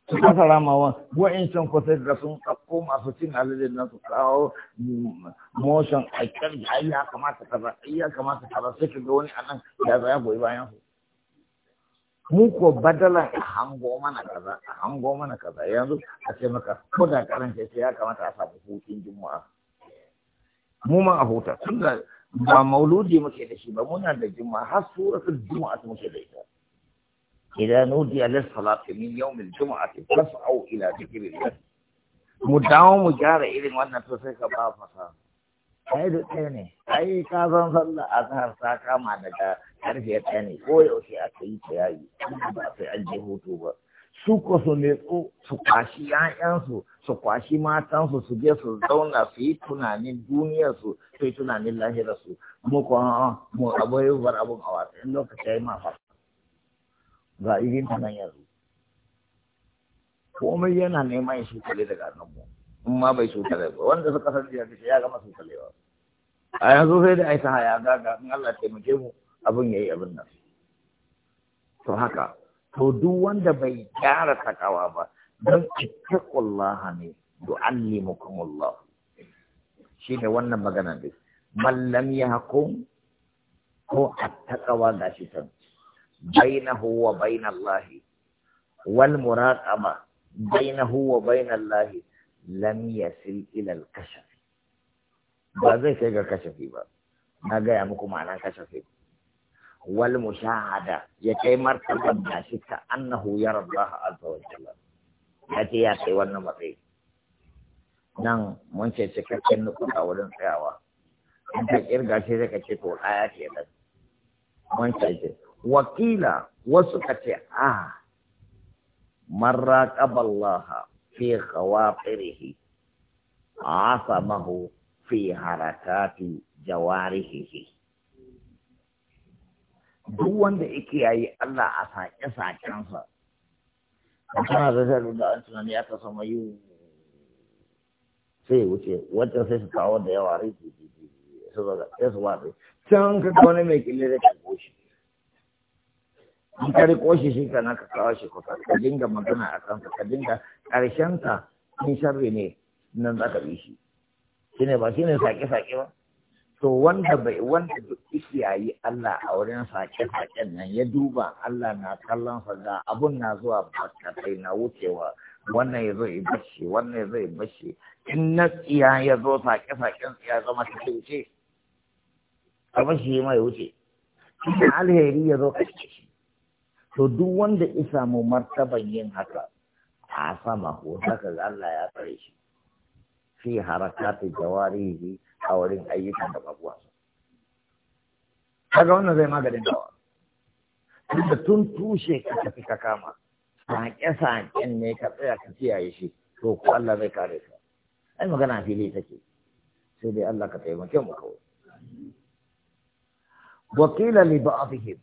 su kafa ramawa wa'incan ko sai da sun ɗauko masu cin halilin nan su kawo motion a kan ai ya kamata kaza ai ya kamata kaza sai ka ga wani a nan ya zaya goyi bayan su mu ko badala a hango mana kaza a hango mana kaza yanzu a ce maka ko da karanta sai ya kamata a samu hutun juma'a mu ma a huta tunda ba mauludi muke da shi ba muna da juma har suratul juma'a muke da ita idan nudi alis salati min yawmil juma'ati fas'au ila dhikrillah mu dawo mu gyara irin wannan to sai ka ba fasa ai da ɗaya ne ai ka san sallah azhar ta kama daga karfe ɗaya ne ko yaushe aka yi ta yayi ba sai an ji hutu ba su ko su ne su kwashi 'ya'yansu su kwashi matansu su je su zauna su yi tunanin duniyarsu su yi tunanin lahirarsu mu kuwa mu abai bar abun a wasu in lokaci ya yi mafa ga irin ta nan yanzu komai yana neman shi kale daga mu in ma bai shukale ba wanda su kasance jiya ya gama shukalewa a yanzu sai da aisa haya gaga in Allah taimake mu abin yayi abin nan to haka to duk wanda bai gyara takawa ba don ittaqullaha ne yu'allimukumullah shi ne wannan magana din man lam yahkum ko attaqwa da shi san bainahu wa bainallahi wal muraqaba bainahu wa bainallahi lam yasil ila al kashf ba zai kai ga kashafi ba na ga ya muku ma'ana kashafi wal mushahada ya kai martaba da shi ta annahu yarallahu azza wa jalla ya ce ya kai wannan matsayi nan mun ce cikakken a wurin tsayawa in ka kirga ce sai ka ce to ɗaya ce nan mun ce ce wakila wasu ka ce a ah, marra qaballaha fi khawafirihi asamahu fi harakati jawarihi. duk wanda yake yayi Allah a sake sa. kana da zai da an tunani aka sama yi sai wuce wajen sai su kawo da yawa rai ke su zaga su watsai can ka wani mai kile da ka goshi in ka riko shi shi kana ka kawo shi kusa ka dinga magana a kansa ka dinga karshen ta in sharri ne nan za ka bi shi shine ba shine sake-sake ba to wanda bai wanda duk ikiyayi Allah a wurin sake-saken nan ya duba Allah na kallon sa ga abun na zuwa sai na wucewa wannan ya zo ya bashi wannan ya zo ya bashi in na tsiya ya zo sake-saken ya zama ta wuce a bashi mai wuce in alheri ya zo kashe shi to duk wanda ya samu martaban yin haka a sama ko saka Allah ya tsare shi fi harakati jawarihi a wurin ayyukan da babuwa kaga wannan zai maganin dawa da tun tushe ka tafi ka kama sake-saken ne ka tsaya ka kiyaye shi to ko Allah zai kare ka ai magana fili take sai dai Allah ka taimake mu kawai wakila li ba'dihim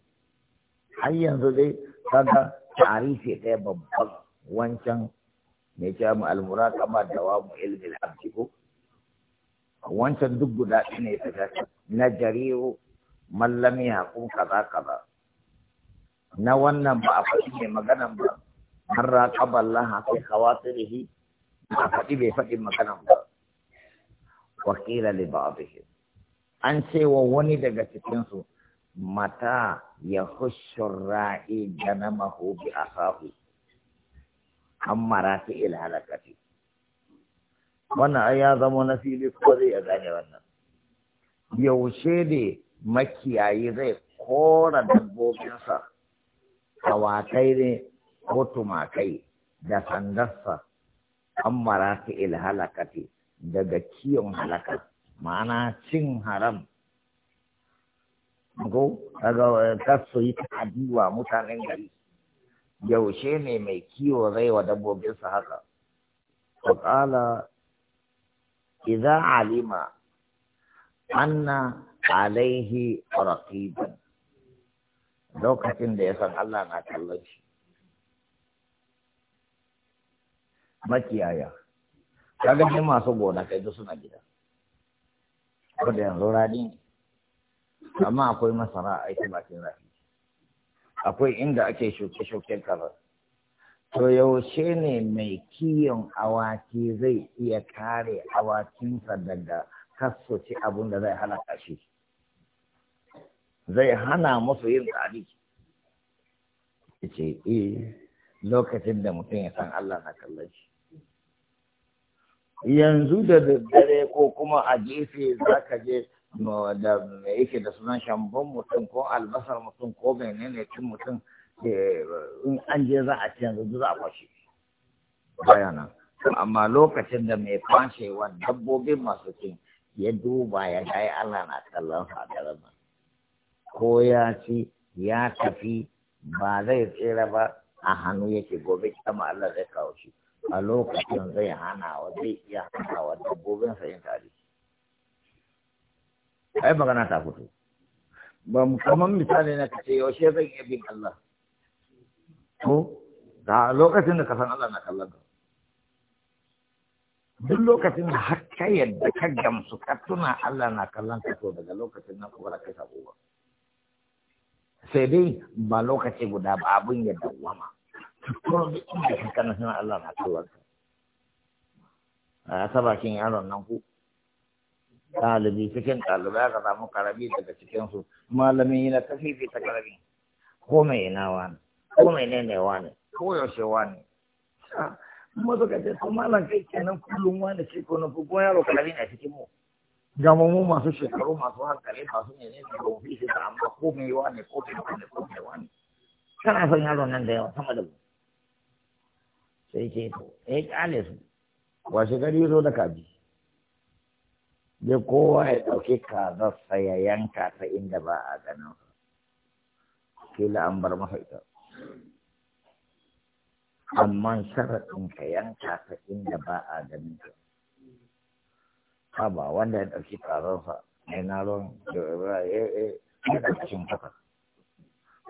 har yanzu dai kaga tarihi ɗaya babban wancan mai ce mu almuraqaba dawamu ilmi al wancan duk guda ɗaya ne ta na jariru mallami kun kaza kaza na wannan ba a faɗi mai maganan ba har raƙabar laha sai khawatirihi ba a faɗi bai faɗi maganan ba wakila li ba'dihi an ce wa wani daga cikin su mata ya hushu ra'i ganamahu bi asahu amma rati il halakati wannan ai ya zama na fili ko zai ya gane wannan yaushe ne makiyayi zai kora dabbobinsa awakai ne ko tumakai da sandarsa an ta ilhalakati daga kiyon halaka ma'ana cin haram ko daga kasu yi ta adiwa mutanen gari yaushe ne mai kiwo zai wa dabbobinsa haka faƙala idza alima anna alaihi raqiban lokacin da ya san Allah na kallon shi makiyaya kaga ne masu gona kai duk suna gida ko da yanzu rani ne amma akwai masara a ita bakin akwai inda ake shuke-shuken karar to yaushe ne mai kiyon awaki zai iya kare awakinsa daga kasoci abin da zai hana shi zai hana musu yin tsari ce eh lokacin da mutum ya san Allah na kallon shi yanzu da daddare ko kuma a gefe za ka je da yake da sunan shambon mutum ko albasar mutum ko menene cin mutum Eh, in an je za a ci yanzu za a kwashe baya nan amma lokacin da mai kwashewan dabbobin masu cin ya duba ya ga Allah na kallon sa da ko ya ci ya tafi ba zai tsira ba a hannu yake gobe kama Allah zai kawo shi a lokacin zai hana wa zai iya hana wa dabbobin sa yin tare ai magana ta fito ba mu kaman misali na kace yaushe zan iya bin Allah To, da lokacin da ka san Allah na kallon ka duk lokacin da har ka yadda ka gamsu ka tuna Allah na kallon ka to daga lokacin nan kuma kai sako ba sai dai ba lokaci guda ba abun ya dawama kuma duk inda ka kana suna Allah na kallon ka a sabakin yaron nan ku ɗalibi cikin ɗalibai aka samu karabi daga cikinsu malamin yana ta karabi ko mai yana wani ko menene wani ko yaushe wani kuma suka ce kuma na kai kenan kullum wani ce ko na fuko yaro kalami a cikin mu gama mu masu shekaru masu hankali masu menene ba mu fi shi amma ko mai wani ko ke ne ko mai wani kana son yaron nan da yawa sama da mu sai ke to eh kale su washe gari zo da kabi. ya kowa ya ɗauki sa ya yanka ta inda ba a ganin kila an bar masa ita amma sharaɗin ka yanka ta inda ba a ganin ka ha ba wanda ya ɗauki ƙarar ƙararsa mai naron da ya yi ya ɗauki kafa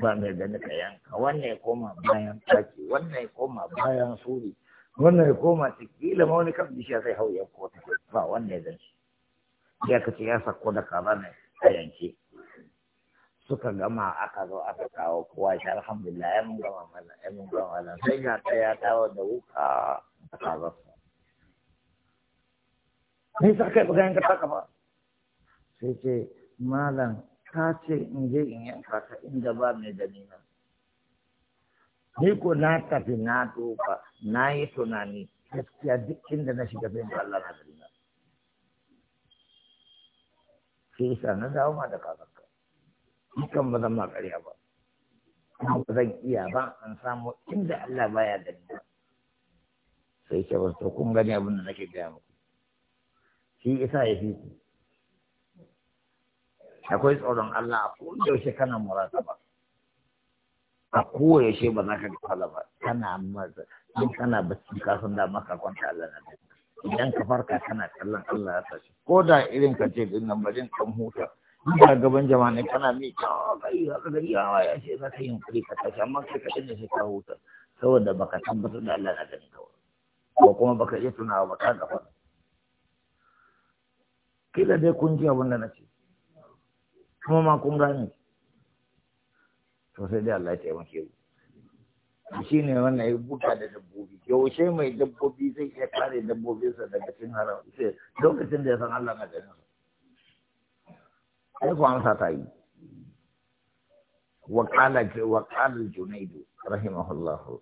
ba mai gani ka yanka wannan ya koma bayan taki wannan ya koma bayan suri wannan ya koma tikila ma wani kan bishiya sai hau ya kota ba wannan ya zan ya kace ya sako da kaza ne a yanke suka gama aka zo aka kawo kowa shi alhamdulillah ya mun gama mana ya mun gama mana sai ga ta ya dawo da wuka a kaza ne sa kai bugan ka taka ba sai ce malam ka ce in je in yanka ka inda ba mai gani na ni ko na tafi na tofa na yi tunani gaskiya duk inda na shiga sai Allah na gari na sai sa na dawo ma da kaza hakan ba zan ma ƙarya ba ba zan iya ba an samu inda Allah baya da ni sai ke ba to kun gani abin da nake gaya muku shi isa ya fi ku akwai tsoron Allah a kowace kana murataba a yaushe ba za ka ga ba kana maza in kana bacci san da maka kwanta Allah na da idan ka farka kana kallon Allah ya sashi ko da irin ka je din nan bari kan huta ba gaban jama'a ne kana mi ka kai haka gari yawa ya ce za ka yi hankali ka tashi amma kai kaɗai ne sai ka huta saboda baka tabbatar da Allah na ganin kawai ko kuma ka iya tunawa ba ka gaba kila dai kun ji abin da na ce kuma ma kun gane to sai dai Allah ya taimake ku shi ne wannan ya buga da dabbobi yaushe mai dabbobi zai iya kare dabbobinsa daga cin haram sai lokacin da ya san Allah na ganin aiko an sata yi wa ƙalar junaidu rahimahullahu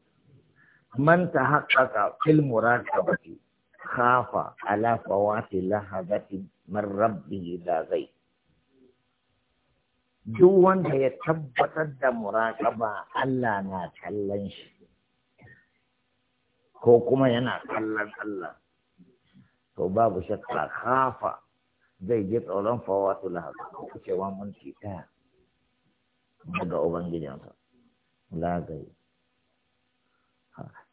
man ta haƙaƙa fil murakabati khafa ala fawati lahazati man rabbi da zai duk wanda ya tabbatar da muraƙaba Allah na kallon shi ko kuma yana kallon Allah to babu shakka khafa zai je tsoron fawatu ko cewa ci ta daga ubangijinsa lagayi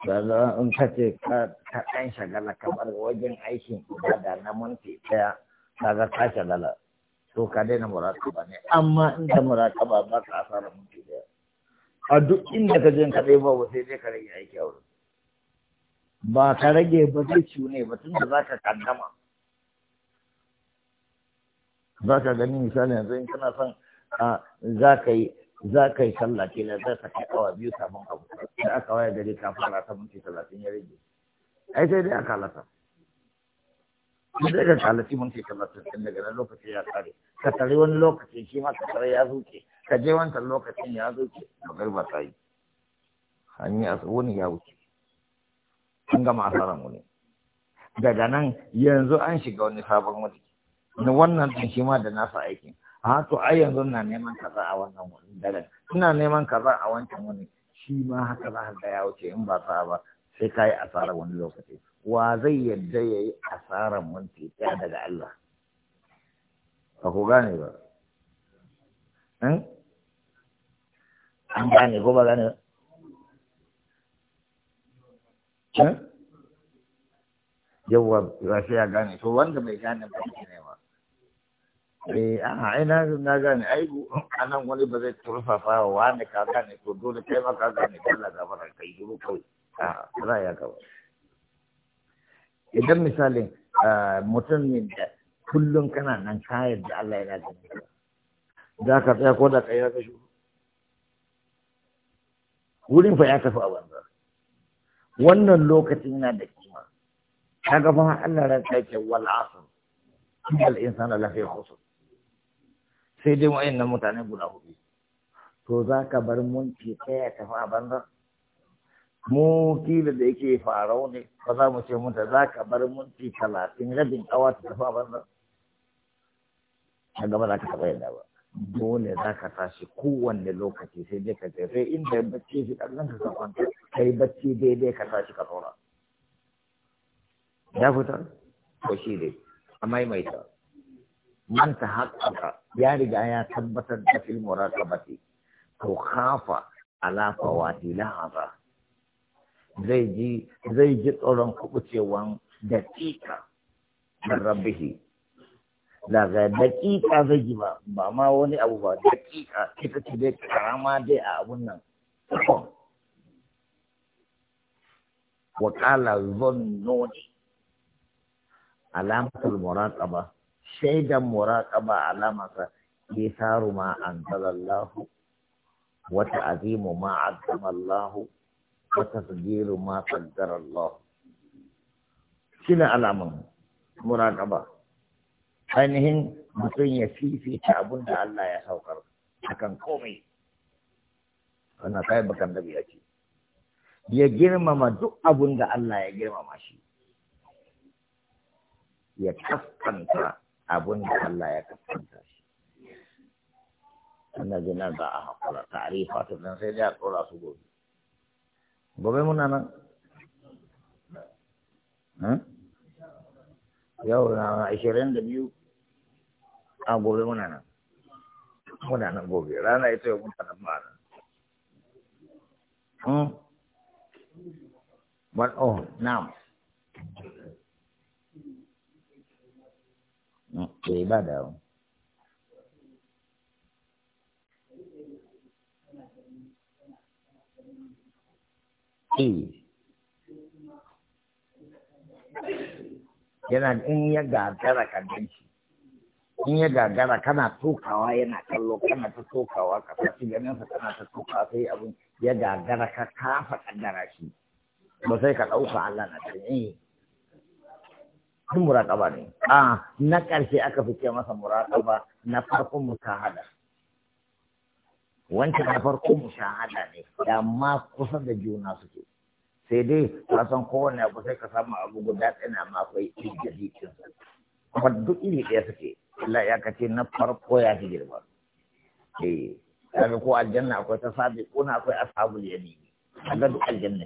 daga in ka ce ka ɗan shagala kamar wajen aikin ibada na mun ɗaya kaga ka shagala to ka daina muraƙaba ne amma in da muraƙaba ba ka asara minti ɗaya a duk inda ka je ka ɗaya ba sai dai ka rage aiki a wurin ba ka rage ba zai ciwo ne ba tun da za ka kaddama za ka gani misali yanzu in kana son za ka yi za ka yi sallah ke za ka kai awa biyu kafin abu sai aka waya gari ka fara ta minti talatin ya rage ai sai dai aka halata sai ka kalaci minti talatin ɗin daga nan lokaci ya kare ka tare wani lokacin shi ma ka tare ya zuke ka je wancan lokacin ya zuke magarba ta yi hanyar wani ya wuce an gama asaran wani daga nan yanzu an shiga wani sabon wani na wannan ɗin shi ma da nasa aikin a to ai yanzu na neman kaza a wannan wani daren ina neman kaza a wancan wani shi ma haka za ka ya wuce in ba sa ba sai ka yi asarar wani lokaci wa zai yadda ya yi asarar wani ɗaya daga Allah ba ku gane ba hmm? an gane ko ba gane ba hmm? yawwa za shi ya gane to wanda bai gane ba ne ba eh a ina na gane ai anan wani ba zai turfafa wa wani ka gane ko dole kai ma ka gane kalla ga fara kai duro kai a za ya gaba idan misalin mutum ne da kullum kana nan ka da Allah yana gani za ka tsaya ko da kai ka shi wurin fa ya tafi a banza wannan lokacin yana da kima kaga fa Allah ran kai wal asr al insana lafi khusus sai dai nan mutane guda hudu to za ka bar munci ta fi a mu kila da yake farau ne ba za mu ce mutu za ka bar munci talatin rabin awa ta tafi a banza a gaba za ka taɓa yadda ba dole za ka tashi kowanne lokaci sai dai ka je sai inda bacci shi ɗan ka ka kwanta kai bacci daidai ka tashi ka tsora ya fita ko shi dai a maimaita Manta tahaqqaqa ya riga ya tabbatar da fil muraqabati to khafa ala fawati lahaza zai ji zai ji tsoron kubucewan daƙiƙa min rabbihi ga daƙiƙa zai ji ba ba ma wani abu ba daƙiƙa kika ce dai karama dai a abun nan wa qala zannuni alamatul muraqaba shaidan muraqaba ya saru ma anzalallahu wa ta'zimu ma azzamallahu wa tasjilu ma qaddarallahu shine alaman muraqaba ainihin mutum ya fifita abin da Allah ya saukar a kan komai wannan kai bakan da biya ce ya girmama duk abin da Allah ya girmama shi ya kaskanta abun da Allah ya kasanta shi wannan gina da a haƙura tarifa ta nan sai dai a tsora su gobe gobe muna nan hmm? yau na ashirin da biyu a gobe muna nan muna nan gobe rana ita yau muna nan ba nan hmm? oh na'am bai da yana in ya gagara ka ganci in ya gagara kana tokawa yana kallo kana ta tokawa ka fashi ganinsa kana ta tokawa sai abin ya gagara ka kafa kaddara shi ba sai ka ɗauka Allah na tsaye sun muraƙaba ne a na ƙarshe aka fi fice masa muraƙaba na farkon musahada wancan na farkon musahada ne da ma kusa da juna suke sai dai kasan kowane abu sai ka samu abu guda tsina ma akwai ijadi jikin kuma duk iri ɗaya suke Allah ya kace na farko ya fi girma eh kaga ko aljanna akwai ta sabiquna akwai ashabul yamin kaga duk aljanna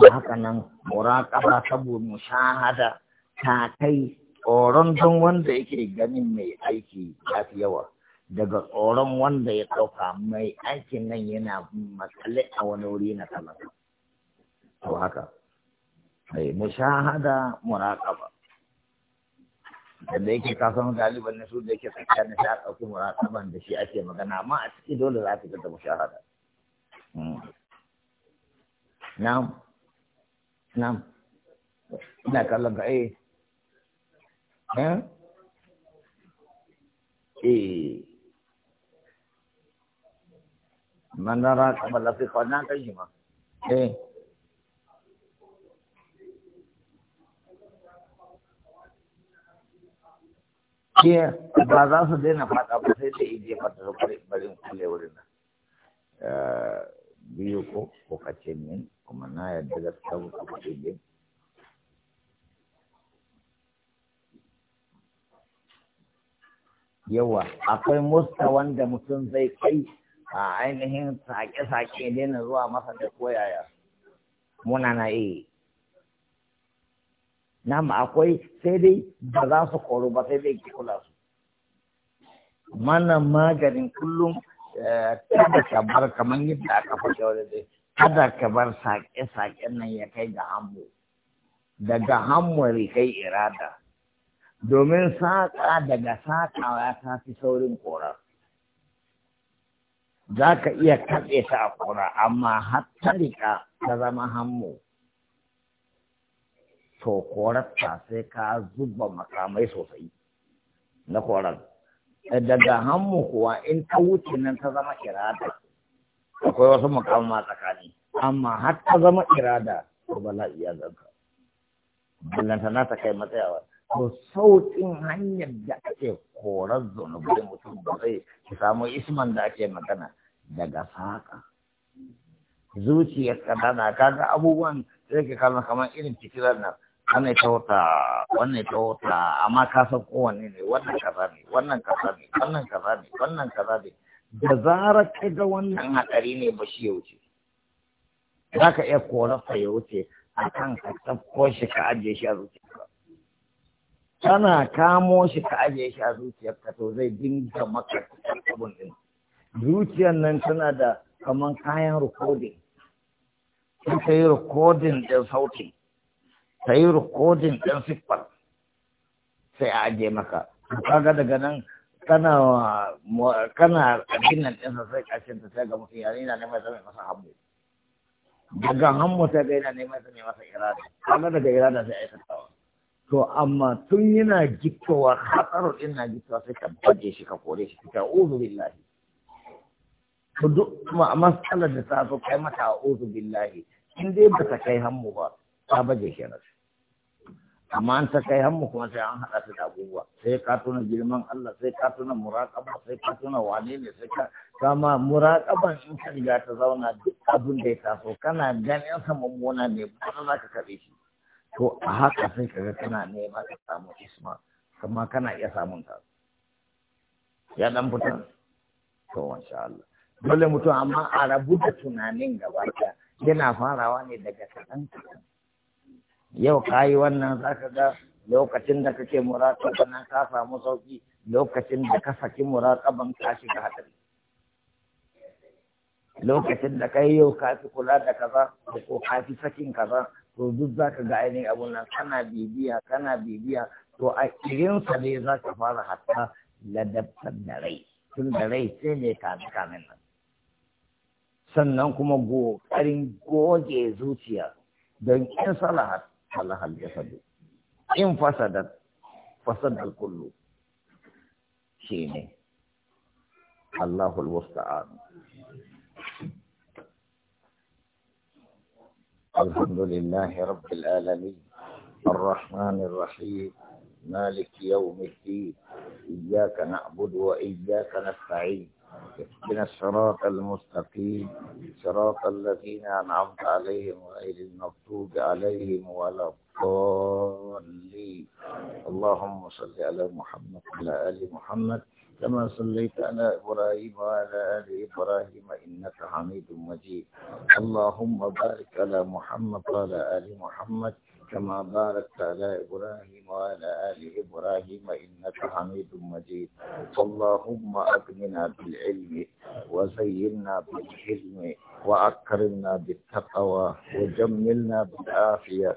ce haka nan muraƙaba saboda mushahada takai tsoron don wanda yake ganin mai aiki ya fi yawa daga tsoron wanda ya ɗauka mai aikin nan yana matsale a wani wuri na kamar to haka mai mushahada muraƙaba wanda yake kasan galiban na su da yake tsakiya na a ɗauki muraƙaban da shi ake magana amma a ciki dole za ka ga mushahada hmm. na'am na'am ina kallon ka eh eh manara kamar lafi kwanan kan yi ma eh ke ba za su daina faɗa ba sai da ije fata su barin kule wurin nan eh, biyu ko kace kuma na yadda da ta yawa akwai musta wanda mutum zai kai a ainihin sake-sake daina zuwa masa da koyaya muna na iya eh. nama akwai sai dai ba za su koro ba sai dai ki kula su mana maganin kullum eh, kada ka bar kamar yadda aka fashe wani dai kada ka bar sake-saken nan ya kai ga hamu daga hamu kai irada domin saƙa daga saƙawa ta fi saurin ƙorar za ka iya katse ta a ƙura amma har ta riƙa ta zama hannu to korarta sai ka zuba makamai sosai na korar eh, daga hannu kuwa in ta wuce nan ta zama irada akwai wasu makamai tsakani amma har ta zama irada to bala iya zanka na ta kai matsayawa to sauƙin hanyar da ake korar zunubi mutum ba zai ki samu isman da ake magana daga saƙa zuciyar kadana kaga abubuwan sai ka kama kamar irin fitilar nan wannan ta wata wannan ta wata amma ka san kowanne ne wannan kaza ne wannan kaza ne wannan kaza ne wannan kaza ne da zarar ka ga wannan haɗari ne ba shi ya wuce za ka iya korarsa ya wuce a kan ka tafko shi ka ajiye shi a zuciyarka kana kamo shi ka ajiye shi a zuciyarka to zai dinga maka abun din zuciyar nan tana da kaman kayan rikodin sai ta yi rikodin ɗin sauti ta yi rikodin ɗin siffar sai a ajiye maka kaga daga nan kana kana abin nan ɗinsa sai ƙarshen ta sai ga mutum yare yana neman zama masa hamu daga hamu sai ga yana neman zama masa irada kaga daga irada sai aikatawa to amma tun yana jikowa hatsarar din na gittowa sai ka baje shi ka kore shi ka uzu billahi to duk matsalar da ta zo kai mata uzu billahi in dai ba ta kai hannu ba ta baje shi na amma an ta kai hannu kuma sai an haɗa su da abubuwa sai ka tuna girman Allah sai ka tuna muraƙaba sai ka tuna wane ne sai ka kama muraƙaban in ka riga ta zauna duk abin da ya taso kana ganin sa mummuna ne ba za ka kaɓe shi to a haka sai kaga kana neman ka samu isma kuma kana iya samun ta ya dan fita to insha Allah dole mutum amma a rabu da tunanin gaba yana farawa ne daga kaɗan kaɗan yau ka yi wannan za ka ga lokacin da kake muraƙaba nan ka samu sauƙi lokacin da ka saki muraƙaban ka shiga haɗari lokacin da ka yi yau ka fi kula da kaza ko ka fi sakin kaza to duk za ka ga ainihin abun nan kana bibiya kana bibiya to a irinsa ne za ka fara hatta ladabtar da rai tun da rai sai ne kame kamin nan sannan kuma ƙoƙarin goge zuciya don in salahat ya jasadu in fasadat fasadar kullu shi ne Allahul Wasta'anu الحمد لله رب العالمين الرحمن الرحيم مالك يوم الدين إياك نعبد وإياك نستعين اهدنا الصراط المستقيم صراط الذين أنعمت عليهم غير المغضوب عليهم ولا الضالين اللهم صل على محمد وعلى آل محمد كما صليت على إبراهيم وعلى آل إبراهيم إنك حميد مجيد اللهم بارك على محمد وعلى آل محمد كما باركت على إبراهيم وعلى آل إبراهيم إنك حميد مجيد اللهم أغننا بالعلم وزينا بالحلم وأكرمنا بالتقوى وجملنا بالعافية